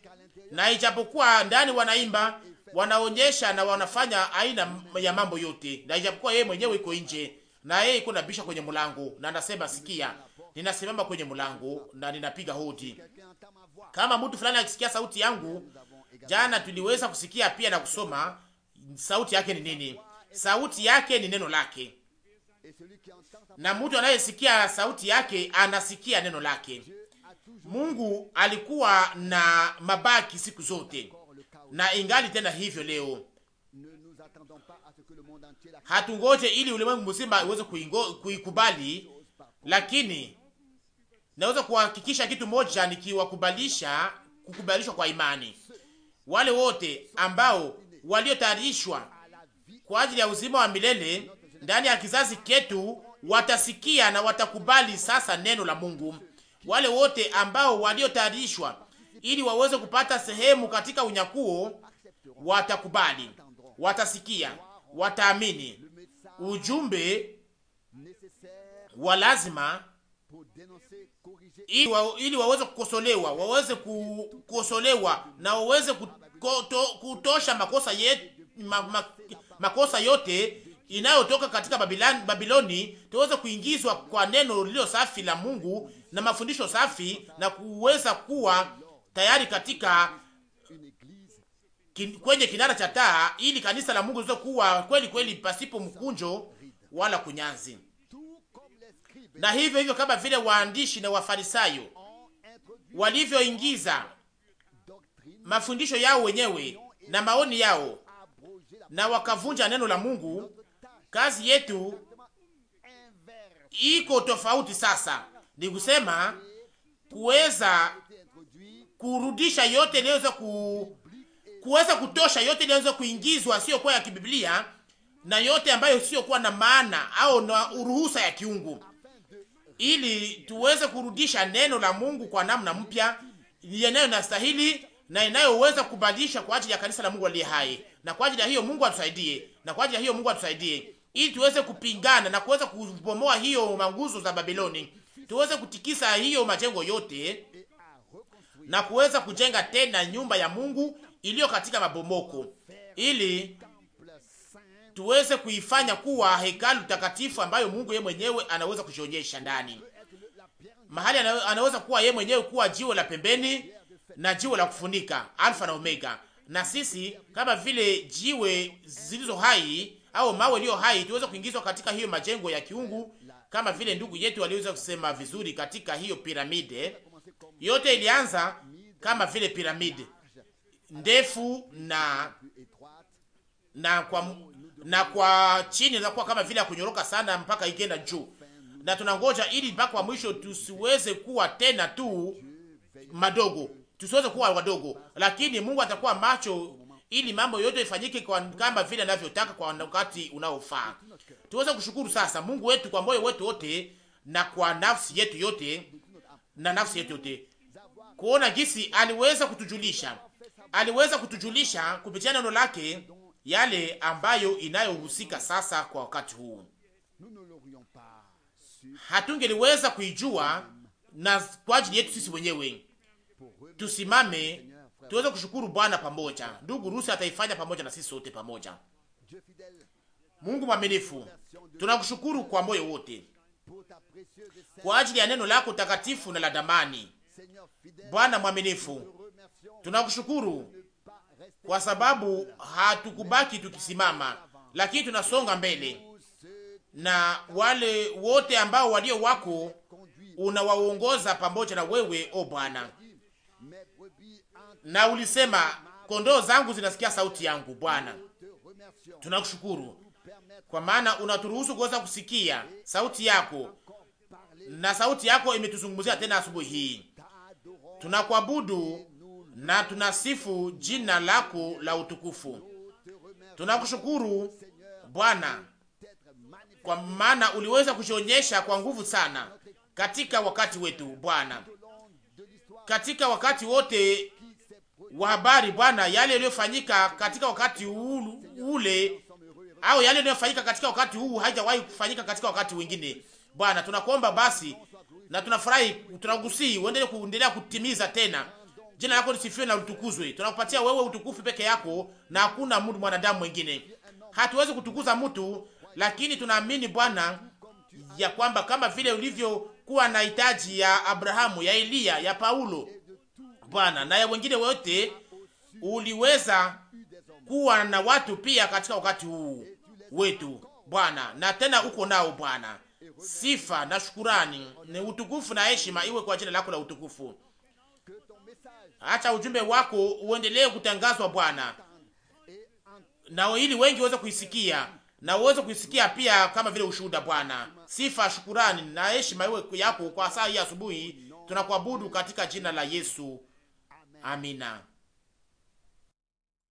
na ijapokuwa ndani wanaimba wanaonyesha na wanafanya aina ya mambo yote, na ijapokuwa yeye mwenyewe iko nje na yeye iko nabisha kwenye mlango, na anasema sikia, ninasimama kwenye mlango na ninapiga hodi. Kama mtu fulani akisikia sauti yangu, jana tuliweza kusikia pia na kusoma sauti yake ni nini. Sauti yake ni neno lake, na mtu anayesikia sauti yake anasikia neno lake. Mungu alikuwa na mabaki siku zote na ingali tena hivyo leo. Hatungoje ili ulimwengu mzima uweze kuikubali, lakini naweza kuhakikisha kitu moja, nikiwakubalisha kukubalishwa kwa imani wale wote ambao waliotayarishwa kwa ajili ya uzima wa milele ndani ya kizazi ketu watasikia na watakubali sasa neno la Mungu. Wale wote ambao waliotayarishwa ili waweze kupata sehemu katika unyakuo, watakubali, watasikia, wataamini ujumbe wa lazima ili, wa, ili waweze kukosolewa, waweze kukosolewa na waweze kuto, kutosha makosa, ye, ma, ma, makosa yote inayotoka katika Babilani, Babiloni tuweze kuingizwa kwa neno lililo safi la Mungu na mafundisho safi na kuweza kuwa tayari katika kin, kwenye kinara cha taa, ili kanisa la Mungu liweze kuwa kweli kweli pasipo mkunjo wala kunyanzi. Na hivyo hivyo kama vile waandishi na wafarisayo walivyoingiza mafundisho yao wenyewe na maoni yao na wakavunja neno la Mungu, kazi yetu iko tofauti sasa, ni kusema kuweza kurudisha yote inayoweza ku kuweza kutosha yote inayoweza kuingizwa sio kwa ya kibiblia na yote ambayo sio kuwa na maana au na uruhusa ya kiungu, ili tuweze kurudisha neno la Mungu kwa namna mpya yanayonastahili na inayoweza kubadilisha kwa ajili ya kanisa la Mungu aliye hai. Na kwa ajili ya hiyo Mungu atusaidie, na kwa ajili ya hiyo Mungu atusaidie ili tuweze kupingana na kuweza kubomoa hiyo manguzo za Babiloni, tuweze kutikisa hiyo majengo yote na kuweza kujenga tena nyumba ya Mungu iliyo katika mabomoko, ili tuweze kuifanya kuwa hekalu takatifu ambayo Mungu yeye mwenyewe anaweza kujionyesha ndani mahali anaweza kuwa yeye mwenyewe kuwa jiwe la pembeni na jiwe la kufunika, alfa na omega. Na sisi kama vile jiwe zilizo hai au mawe iliyo hai tuweze kuingizwa katika hiyo majengo ya kiungu, kama vile ndugu yetu aliweza kusema vizuri katika hiyo piramide yote ilianza kama vile piramidi ndefu na na kwa na kwa chini inakuwa kama vile ya kunyoroka sana mpaka ikenda juu, na tunangoja ili mpaka wa mwisho tusiweze kuwa tena tu madogo, tusiweze kuwa wadogo, lakini Mungu atakuwa macho ili mambo yote ifanyike kwa kama vile anavyotaka kwa wakati unaofaa. Tuweze kushukuru sasa Mungu wetu kwa moyo wetu wote na kwa nafsi yetu yote na nafsi yetu yote, kuona jinsi aliweza kutujulisha, aliweza kutujulisha kupitia neno lake yale ambayo inayohusika sasa kwa wakati huu. Hatungeliweza kuijua na kwa ajili yetu sisi wenyewe. Tusimame tuweze kushukuru Bwana pamoja. Ndugu Rusi ataifanya pamoja na sisi sote pamoja. Mungu mwaminifu, tunakushukuru kwa moyo wote kwa ajili ya neno lako takatifu na la damani. Bwana mwaminifu, tunakushukuru kwa sababu hatukubaki tukisimama, lakini tunasonga mbele, na wale wote ambao walio wako unawaongoza pamoja na wewe, o Bwana. Na ulisema kondoo zangu zinasikia sauti yangu. Bwana, tunakushukuru kwa maana unaturuhusu kuweza kusikia sauti yako, na sauti yako imetuzungumzia tena asubuhi hii. Tunakuabudu na tunasifu jina lako la utukufu. Tunakushukuru Bwana, kwa maana uliweza kujionyesha kwa nguvu sana katika wakati wetu Bwana, katika wakati wote wa habari Bwana, yale yaliyofanyika katika wakati ule au yale yanayofanyika katika wakati huu haijawahi kufanyika katika wakati wengine. Bwana, tunakuomba basi na tunafurahi, tunagusii uendelee kuendelea kutimiza tena. Jina lako lisifiwe na utukuzwe Tunakupatia wewe utukufu peke yako na hakuna mtu mwanadamu mwingine. Hatuwezi kutukuza mtu, lakini tunaamini Bwana ya kwamba kama vile ulivyokuwa na hitaji ya Abrahamu, ya Eliya, ya Paulo Bwana na ya wengine wote uliweza kuwa na watu pia katika wakati huu wetu Bwana, na tena uko nao Bwana. Sifa na shukurani ni utukufu na heshima iwe kwa jina lako la utukufu. Acha ujumbe wako uendelee kutangazwa Bwana, na ili wengi waweze kuisikia na uweze kuisikia pia kama vile ushuhuda Bwana. Sifa, shukurani na heshima iwe yako kwa saa hii asubuhi, tunakuabudu katika jina la Yesu, amina.